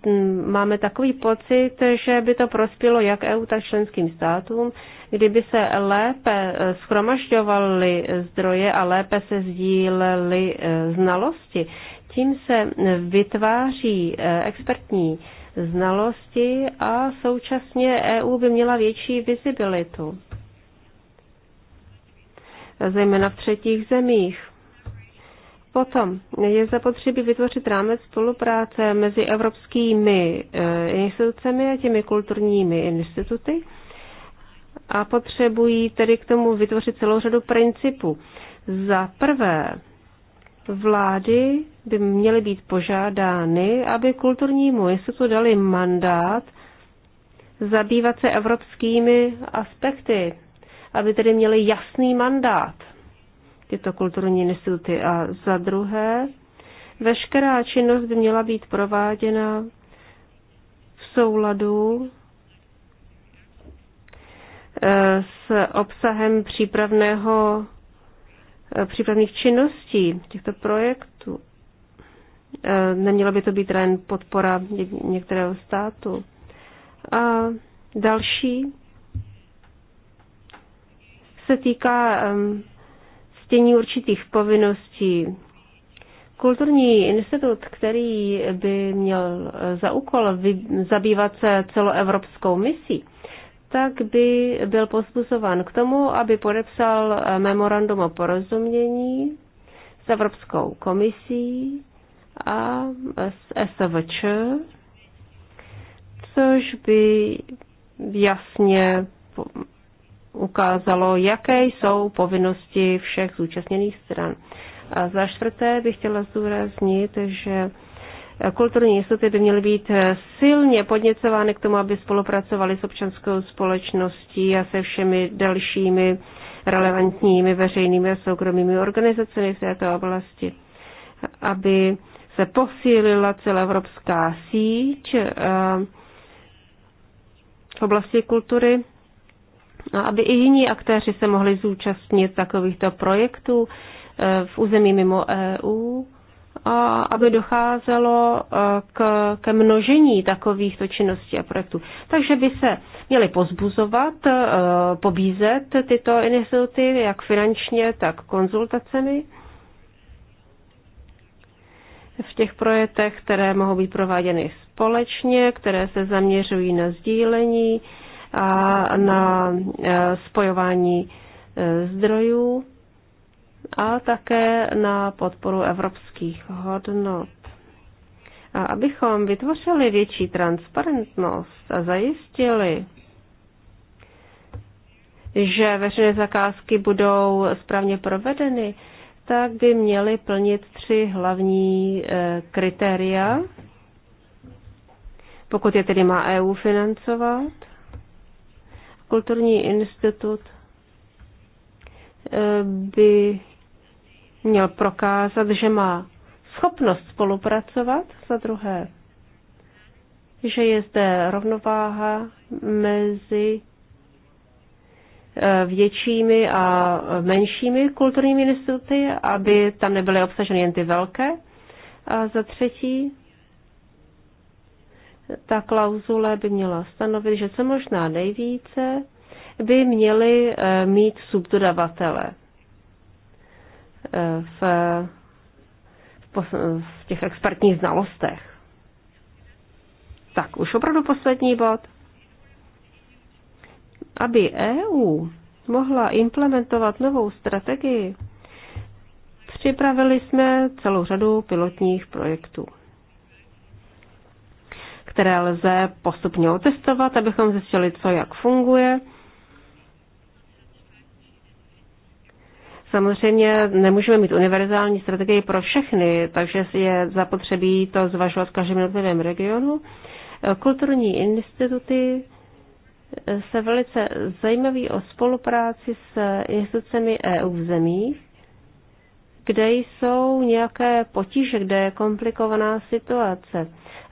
máme takový pocit, že by to prospělo jak EU, tak členským státům, kdyby se lépe eh, schromažďovaly zdroje a lépe se sdílely eh, znalosti. Tím se vytváří eh, expertní znalosti a současně EU by měla větší vizibilitu, zejména v třetích zemích. Potom je zapotřebí vytvořit rámec spolupráce mezi evropskými eh, institucemi a těmi kulturními instituty a potřebují tedy k tomu vytvořit celou řadu principů. Za prvé, vlády by měly být požádány, aby kulturnímu institutu dali mandát zabývat se evropskými aspekty, aby tedy měly jasný mandát tyto kulturní instituty. A za druhé, veškerá činnost by měla být prováděna v souladu eh, s obsahem přípravného Eh, přípravných činností těchto projektů. Eh, Neměla by to být jen podpora některého státu. A další se týká stění určitých povinností. Kulturní institut, který by měl za úkol zabývat se celoevropskou misí, tak by byl pozbuzován k tomu, aby podepsal eh, memorandum o porozumění s Evropskou komisí a s SVČ, což by jasně ukázalo, jaké jsou povinnosti všech zúčastněných stran. A za čtvrté bych chtěla zdůraznit, že kulturní instituty by měly být eh, silně podněcovány k tomu, aby spolupracovali s občanskou společností a se všemi dalšími relevantními veřejnými a soukromými organizacemi v této oblasti, aby se posílila celoevropská síť eh, v oblasti kultury, a aby i jiní aktéři se mohli zúčastnit takovýchto projektů eh, v území mimo EU aby docházelo e, k, ke množení takovýchto činností a projektů. Takže by se měly pozbuzovat, e, pobízet tyto instituty, jak finančně, tak konzultacemi v těch projektech, které mohou být prováděny společně, které se zaměřují na sdílení a na e, spojování zdrojů a také na podporu evropských hodnot. A abychom vytvořili větší transparentnost a zajistili, že veřejné zakázky budou správně provedeny, tak by měly plnit tři hlavní eh, kritéria, pokud je tedy má EU financovat. Kulturní institut eh, by měl prokázat, že má schopnost spolupracovat, za druhé, že je zde rovnováha mezi eh, většími a menšími kulturními instituty, aby tam nebyly obsaženy jen ty velké. A za třetí, ta klauzule by měla stanovit, že co možná nejvíce by měly eh, mít subdodavatele v, v, v těch expertních znalostech. Tak, už opravdu poslední bod. Aby EU mohla implementovat novou strategii, připravili jsme celou řadu pilotních projektů, které lze postupně otestovat, abychom zjistili, co jak funguje Samozřejmě nemůžeme mít univerzální strategii pro všechny, takže je zapotřebí to zvažovat v každém jednotlivém regionu. Eh, Kulturní instituty eh, se velice zajímaví o spolupráci s institucemi EU v zemích, kde jsou nějaké potíže, kde je komplikovaná situace.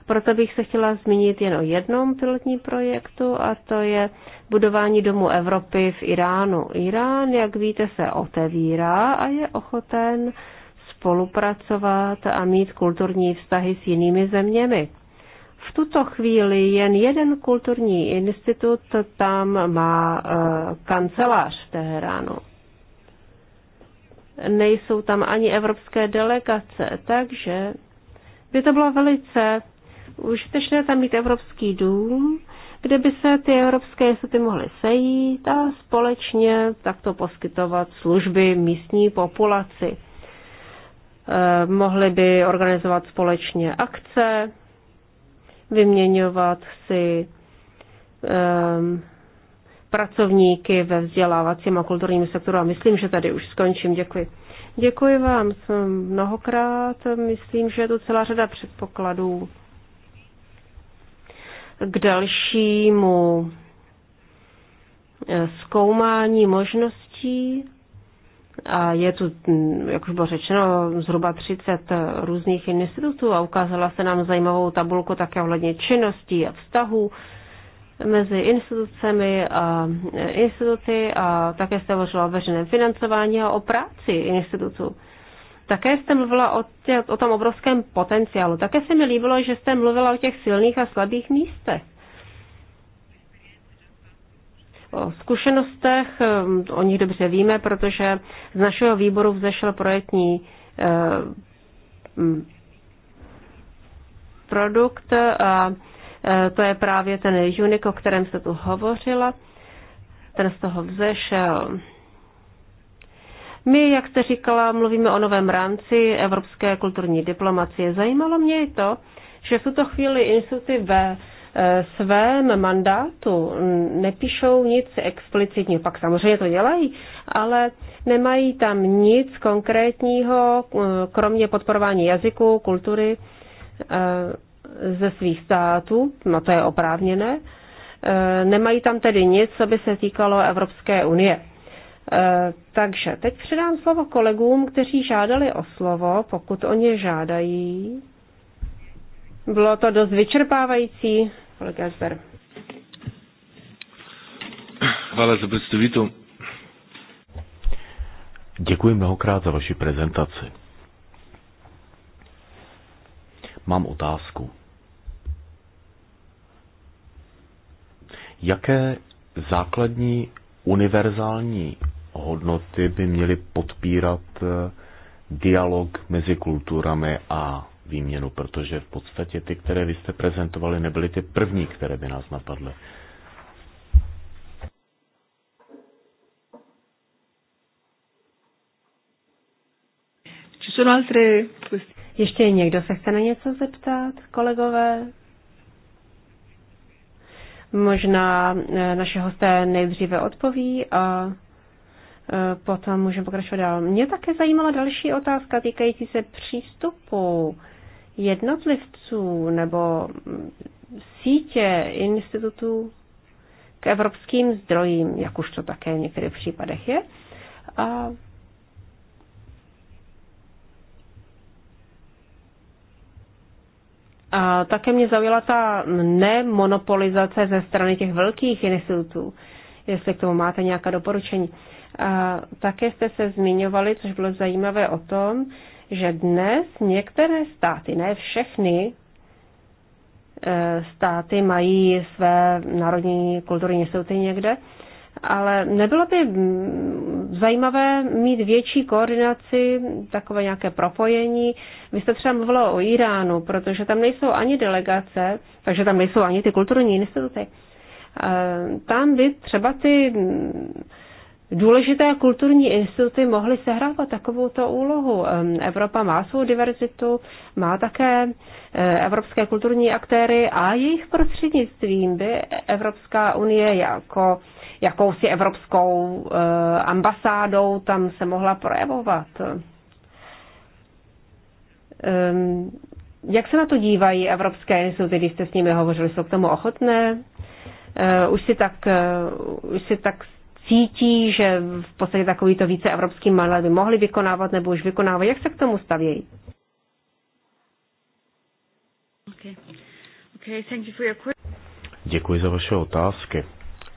Proto bych se chtěla zmínit jen o jednom pilotním projektu a to je budování domu Evropy v Iránu. Irán, jak víte, se otevírá a je ochoten spolupracovat a mít kulturní vztahy s jinými zeměmi. V tuto chvíli jen jeden kulturní institut tam má e, kancelář v Teheránu. Nejsou tam ani evropské delegace, takže by to bylo velice užitečné tam mít Evropský dům, kde by se ty evropské instituty mohly sejít a společně takto poskytovat služby místní populaci. E, Mohli by organizovat společně akce, vyměňovat si ehm, pracovníky ve vzdělávacím a kulturním sektoru. A myslím, že tady už skončím. Děkuji. Děkuji vám mnohokrát. Myslím, že je tu celá řada předpokladů k dalšímu eh, zkoumání možností. A je tu, mm, jak už bylo řečeno, zhruba 30 eh, různých institutů a ukázala se nám zajímavou tabulku také ohledně činností a vztahů mezi institucemi a eh, instituty a také se hovořilo o veřejném financování a o práci institutů. Také jste mluvila o, tě, o tom obrovském potenciálu. Také se mi líbilo, že jste mluvila o těch silných a slabých místech. O zkušenostech, um, o nich dobře víme, protože z našeho výboru vzešel projektní eh, mm, produkt a eh, to je právě ten Junik, o kterém se tu hovořila. Ten z toho vzešel. My, jak jste říkala, mluvíme o novém rámci evropské kulturní diplomacie. Zajímalo mě i to, že v tuto chvíli instituty ve e, svém mandátu nepíšou nic explicitního. Pak samozřejmě to dělají, ale nemají tam nic konkrétního, e, kromě podporování jazyku, kultury e, ze svých států, no to je oprávněné. Nemají tam tedy nic, co by se týkalo Evropské unie. Eh, takže teď předám slovo kolegům, kteří žádali o slovo, pokud o ně žádají. Bylo to dost vyčerpávající, kolega Zber. Hvala za představitu. Děkuji mnohokrát za vaši prezentaci. Mám otázku. Jaké základní univerzální hodnoty by měly podpírat eh, dialog mezi kulturami a výměnu, protože v podstatě ty, které vy jste prezentovali, nebyly ty první, které by nás napadly. Ještě někdo se chce na něco zeptat, kolegové? Možná eh, naše hosté nejdříve odpoví a Eh, potom můžeme pokračovat dál. Mě také zajímala další otázka týkající se přístupu jednotlivců nebo mm, sítě institutů k evropským zdrojím, jak už to také v některých případech je. A A také mě zaujala ta nemonopolizace ze strany těch velkých institutů, jestli k tomu máte nějaká doporučení. Uh, a také jste se zmiňovali, což bylo zajímavé o tom, že dnes některé státy, ne všechny, e, státy mají své národní kulturní ty někde, ale nebylo by mm, zajímavé mít větší koordinaci, takové nějaké propojení. Vy jste třeba mluvila o Iránu, protože tam nejsou ani delegace, takže tam nejsou ani ty kulturní instituty. E, tam by třeba ty mm, důležité kulturní instituty mohly sehrávat takovouto úlohu. Evropa má svou diverzitu, má také e, evropské kulturní aktéry a jejich prostřednictvím by Evropská unie jako jakousi evropskou e, ambasádou tam se mohla projevovat. Jak se na to dívají evropské instituty, když jste s nimi hovořili? Jsou k tomu ochotné? E, už si tak, už si tak cítí, že v podstatě takovýto více evropský model by mohli vykonávat nebo už vykonávají. Jak se k tomu stavějí? Děkuji za vaše otázky.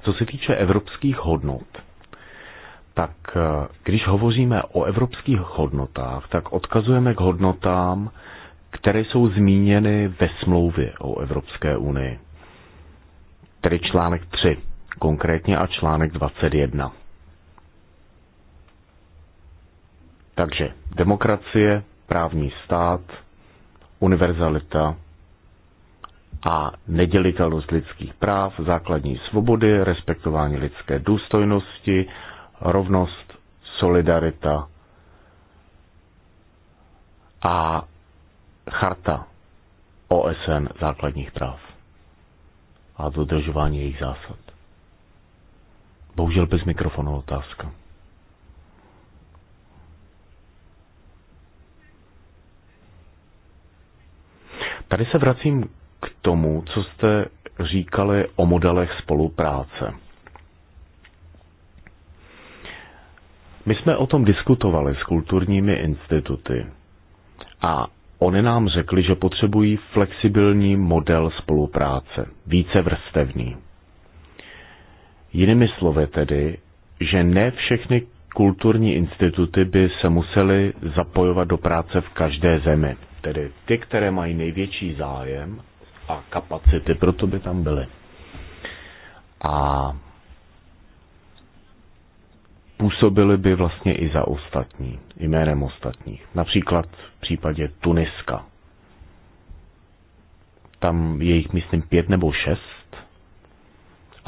Co se týče evropských hodnot, tak eh, když hovoříme o evropských hodnotách, tak odkazujeme k hodnotám, které jsou zmíněny ve smlouvě o Evropské unii. Tedy článek 3 konkrétně a článek 21. Takže demokracie, právní stát, univerzalita a nedělitelnost lidských práv, základní svobody, respektování lidské důstojnosti, rovnost, solidarita a charta OSN základních práv a dodržování jejich zásad. Bohužel bez mikrofonu otázka. Tady se vracím k tomu, co jste říkali o modelech spolupráce. My jsme o tom diskutovali s kulturními instituty a oni nám řekli, že potřebují flexibilní model spolupráce, více vrstevný. Jinými slovy tedy, že ne všechny kulturní instituty by se musely zapojovat do práce v každé zemi. Tedy ty, které mají největší zájem a kapacity, proto by tam byly. A působily by vlastně i za ostatní, jménem ostatních. Například v případě Tuniska. Tam je jich, myslím, pět nebo šest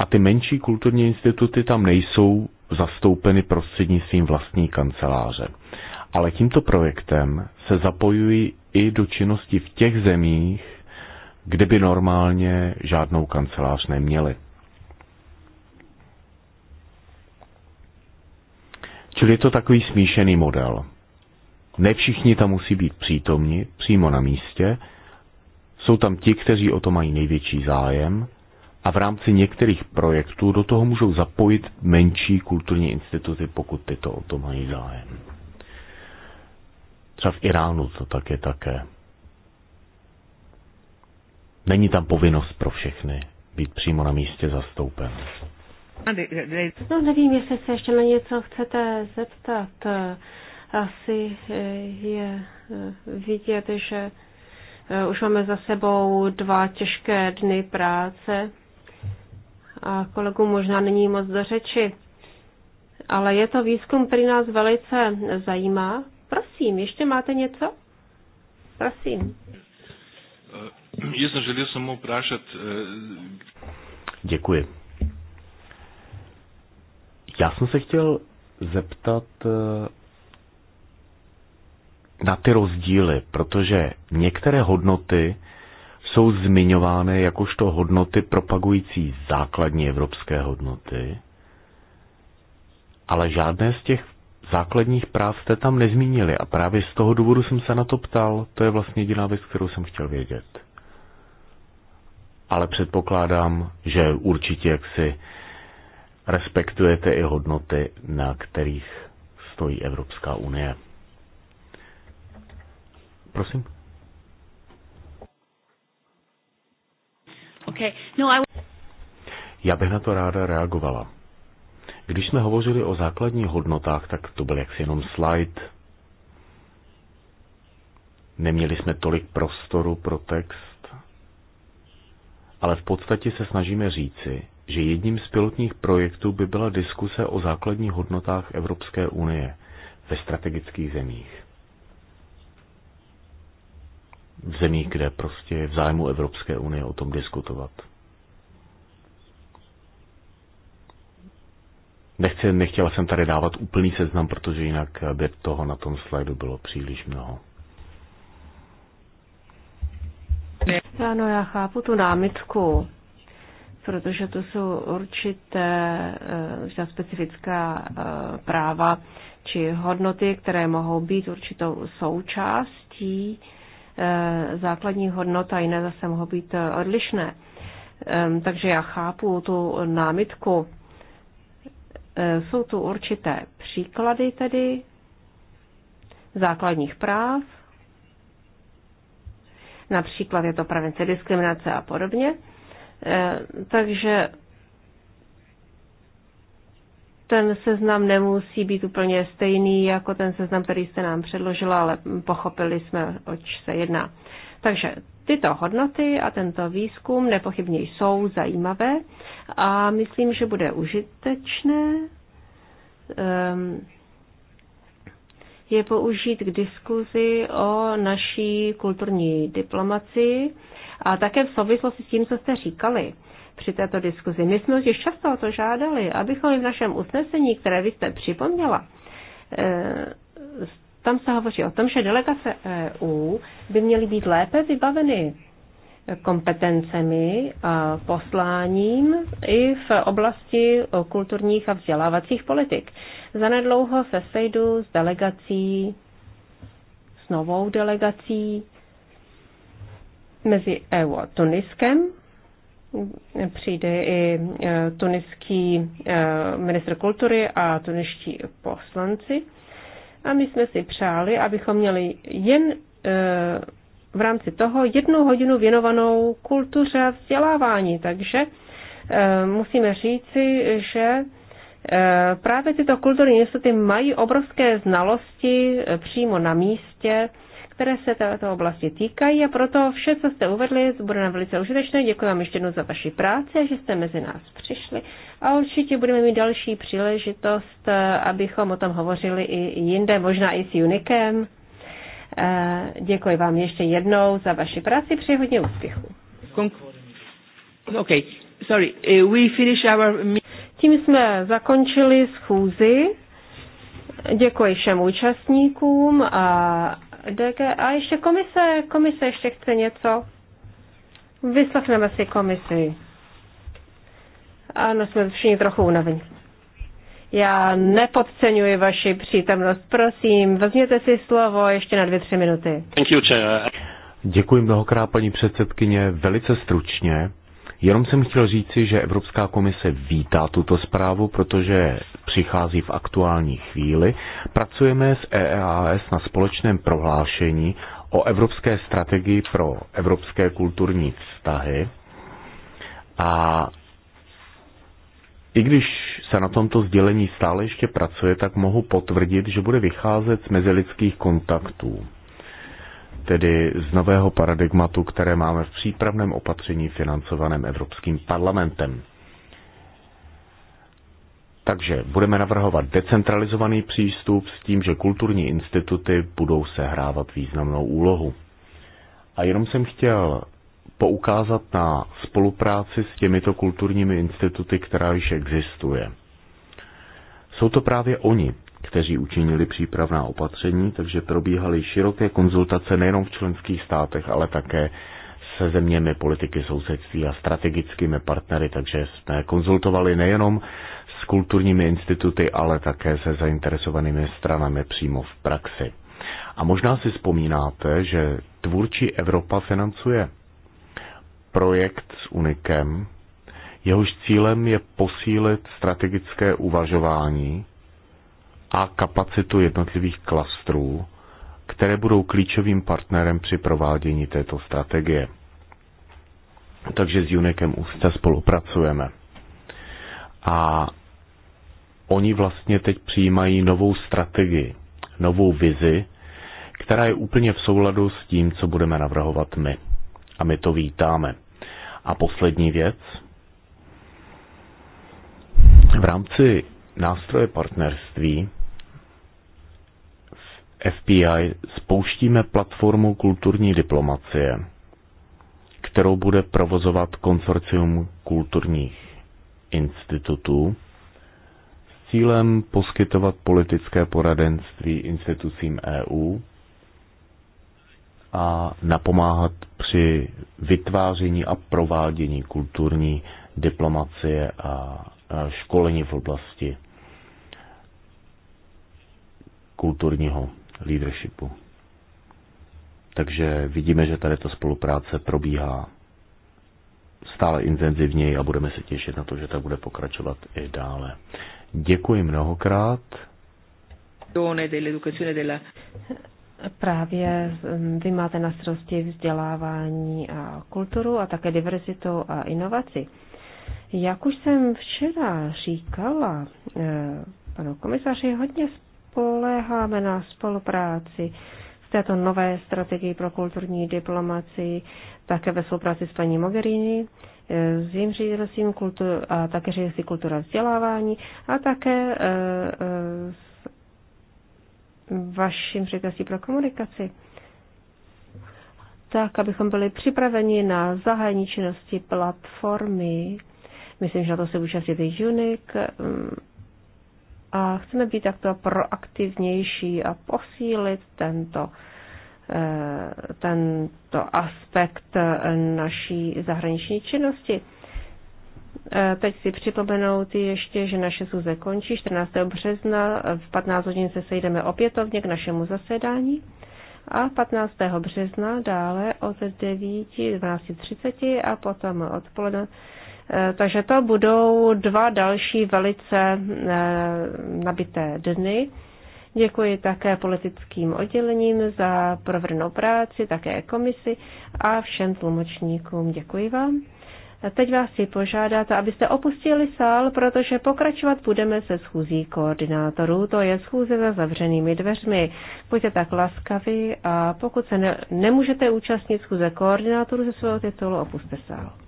a ty menší kulturní instituty tam nejsou zastoupeny prostřednictvím vlastní kanceláře. Ale tímto projektem se zapojují i do činnosti v těch zemích, kde by normálně žádnou kancelář neměli. Čili je to takový smíšený model. Ne všichni tam musí být přítomni, přímo na místě. Jsou tam ti, kteří o to mají největší zájem, a v rámci některých projektů do toho můžou zapojit menší kulturní instituty, pokud tyto o to mají zájem. Třeba v Iránu to tak je také. Není tam povinnost pro všechny být přímo na místě zastoupen. No nevím, jestli se ještě na něco chcete zeptat. Asi je vidět, že už máme za sebou dva těžké dny práce a kolegům možná není moc do řeči, ale je to výzkum, který nás velice zajímá. Prosím, ještě máte něco? Prosím. Já jsem želil samou prášet. Eh, Děkuji. Já jsem se chtěl zeptat eh, na ty rozdíly, protože některé hodnoty jsou zmiňovány jakožto hodnoty propagující základní evropské hodnoty, ale žádné z těch základních práv jste tam nezmínili a právě z toho důvodu jsem se na to ptal. To je vlastně jediná věc, kterou jsem chtěl vědět. Ale předpokládám, že určitě jaksi respektujete i hodnoty, na kterých stojí Evropská unie. Prosím. Okay. No, I... Já bych na to ráda reagovala. Když jsme hovořili o základních hodnotách, tak to byl jaksi jenom slide. Neměli jsme tolik prostoru pro text. Ale v podstatě se snažíme říci, že jedním z pilotních projektů by byla diskuse o základních hodnotách Evropské unie ve strategických zemích zemí, kde prostě je v zájmu Evropské unie o tom diskutovat. Nechci, nechtěla jsem tady dávat úplný seznam, protože jinak by toho na tom slajdu bylo příliš mnoho. Ano, já chápu tu námitku, protože to jsou určité, eh, určitá specifická eh, práva či hodnoty, které mohou být určitou součástí Eh, základní hodnota, jiné zase mohou být eh, odlišné. Takže já chápu tu námitku. Eh, jsou tu určité příklady tedy základních práv, například je to prevence diskriminace a podobně. Takže ten seznam nemusí být úplně stejný jako ten seznam, který jste nám předložila, ale pochopili jsme, oč se jedná. Takže tyto hodnoty a tento výzkum nepochybně jsou zajímavé a myslím, že bude užitečné ehm, je použít k diskuzi o naší kulturní diplomacii a také v souvislosti s tím, co jste říkali při této diskuzi. My jsme už často o to žádali, abychom i v našem usnesení, které vy jste připomněla, eh, tam se hovoří o tom, že delegace EU by měly být lépe vybaveny kompetencemi a posláním i v oblasti kulturních a vzdělávacích politik. Zanedlouho se sejdu s delegací, s novou delegací mezi EU a Tuniskem přijde i e, tuniský e, ministr kultury a tuniští poslanci. A my jsme si přáli, abychom měli jen e, v rámci toho jednu hodinu věnovanou kultuře a vzdělávání. Takže musíme říci, že právě tyto kulturní instituty mají obrovské znalosti přímo na místě, které se této oblasti týkají a proto vše, co jste uvedli, bude nám velice užitečné. Děkuji vám ještě jednou za vaši práci a že jste mezi nás přišli a určitě budeme mít další příležitost, eh, abychom o tom hovořili i jinde, možná i s Unikem. Eh, děkuji vám ještě jednou za vaši práci, přeji hodně úspěchů. Okay. Sorry, eh, we finish our... Tím jsme zakončili schůzi. Děkuji všem účastníkům a DG a ještě komise, komise ještě chce něco. Vyslechneme si komisi. Ano, jsme všichni trochu unavení. Já nepodceňuji vaši přítomnost. Prosím, vezměte si slovo ještě na dvě, tři minuty. Thank you, Děkuji mnohokrát, paní předsedkyně. Velice stručně. Jenom jsem chtěl říci, že Evropská komise vítá tuto zprávu, protože přichází v aktuální chvíli. Pracujeme s EEAS na společném prohlášení o evropské strategii pro evropské kulturní vztahy. A i když se na tomto sdělení stále ještě pracuje, tak mohu potvrdit, že bude vycházet z mezilidských kontaktů tedy z nového paradigmatu, které máme v přípravném opatření financovaném Evropským parlamentem. Takže budeme navrhovat decentralizovaný přístup s tím, že kulturní instituty budou sehrávat významnou úlohu. A jenom jsem chtěl poukázat na spolupráci s těmito kulturními instituty, která již existuje. Jsou to právě oni, kteří učinili přípravná opatření, takže probíhaly široké konzultace nejenom v členských státech, ale také se zeměmi politiky sousedství a strategickými partnery, takže jsme konzultovali nejenom s kulturními instituty, ale také se zainteresovanými stranami přímo v praxi. A možná si vzpomínáte, že Tvůrčí Evropa financuje projekt s Unikem, jehož cílem je posílit strategické uvažování a kapacitu jednotlivých klastrů, které budou klíčovým partnerem při provádění této strategie. Takže s Unikem úzce spolupracujeme. A oni vlastně teď přijímají novou strategii, novou vizi, která je úplně v souladu s tím, co budeme navrhovat my. A my to vítáme. A poslední věc. V rámci nástroje partnerství FBI spouštíme platformu kulturní diplomacie, kterou bude provozovat konsorcium kulturních institutů s cílem poskytovat politické poradenství institucím EU a napomáhat při vytváření a provádění kulturní diplomacie a školení v oblasti kulturního leadershipu. Takže vidíme, že tady ta spolupráce probíhá stále intenzivněji a budeme se těšit na to, že ta bude pokračovat i dále. Děkuji mnohokrát. Právě mm, vy máte na starosti vzdělávání a kulturu a také diverzitu a inovaci. Jak už jsem včera říkala, eh, panu komisaři, hodně spoléháme na spolupráci v této nové strategii pro kulturní diplomaci, také ve spolupráci s paní Mogherini, eh, s jejím ředitelstvím kultur, a také ředitelství kultura vzdělávání a také eh, eh, s vaším ředitelstvím pro komunikaci tak, abychom byli připraveni na zahájení činnosti platformy. Myslím, že na to se účastnit i UNIC, mm, a chceme být takto proaktivnější a posílit tento, eh, tento aspekt naší zahraniční činnosti. Eh, teď si připomenout ještě, že naše suze končí 14. března. V 15 hodin se sejdeme opětovně k našemu zasedání a 15. března dále od 9.12.30 a potom odpoledne Eh, takže to budou dva další velice eh, nabité dny. Děkuji také politickým oddělením za provrnou práci, také komisi a všem tlumočníkům. Děkuji vám. Teď vás si požádat, abyste opustili sál, protože pokračovat budeme se schůzí koordinátorů, to je schůze za zavřenými dveřmi. Buďte tak laskaví a pokud se ne, nemůžete účastnit schůze koordinátorů ze svého titulu, opuste sál.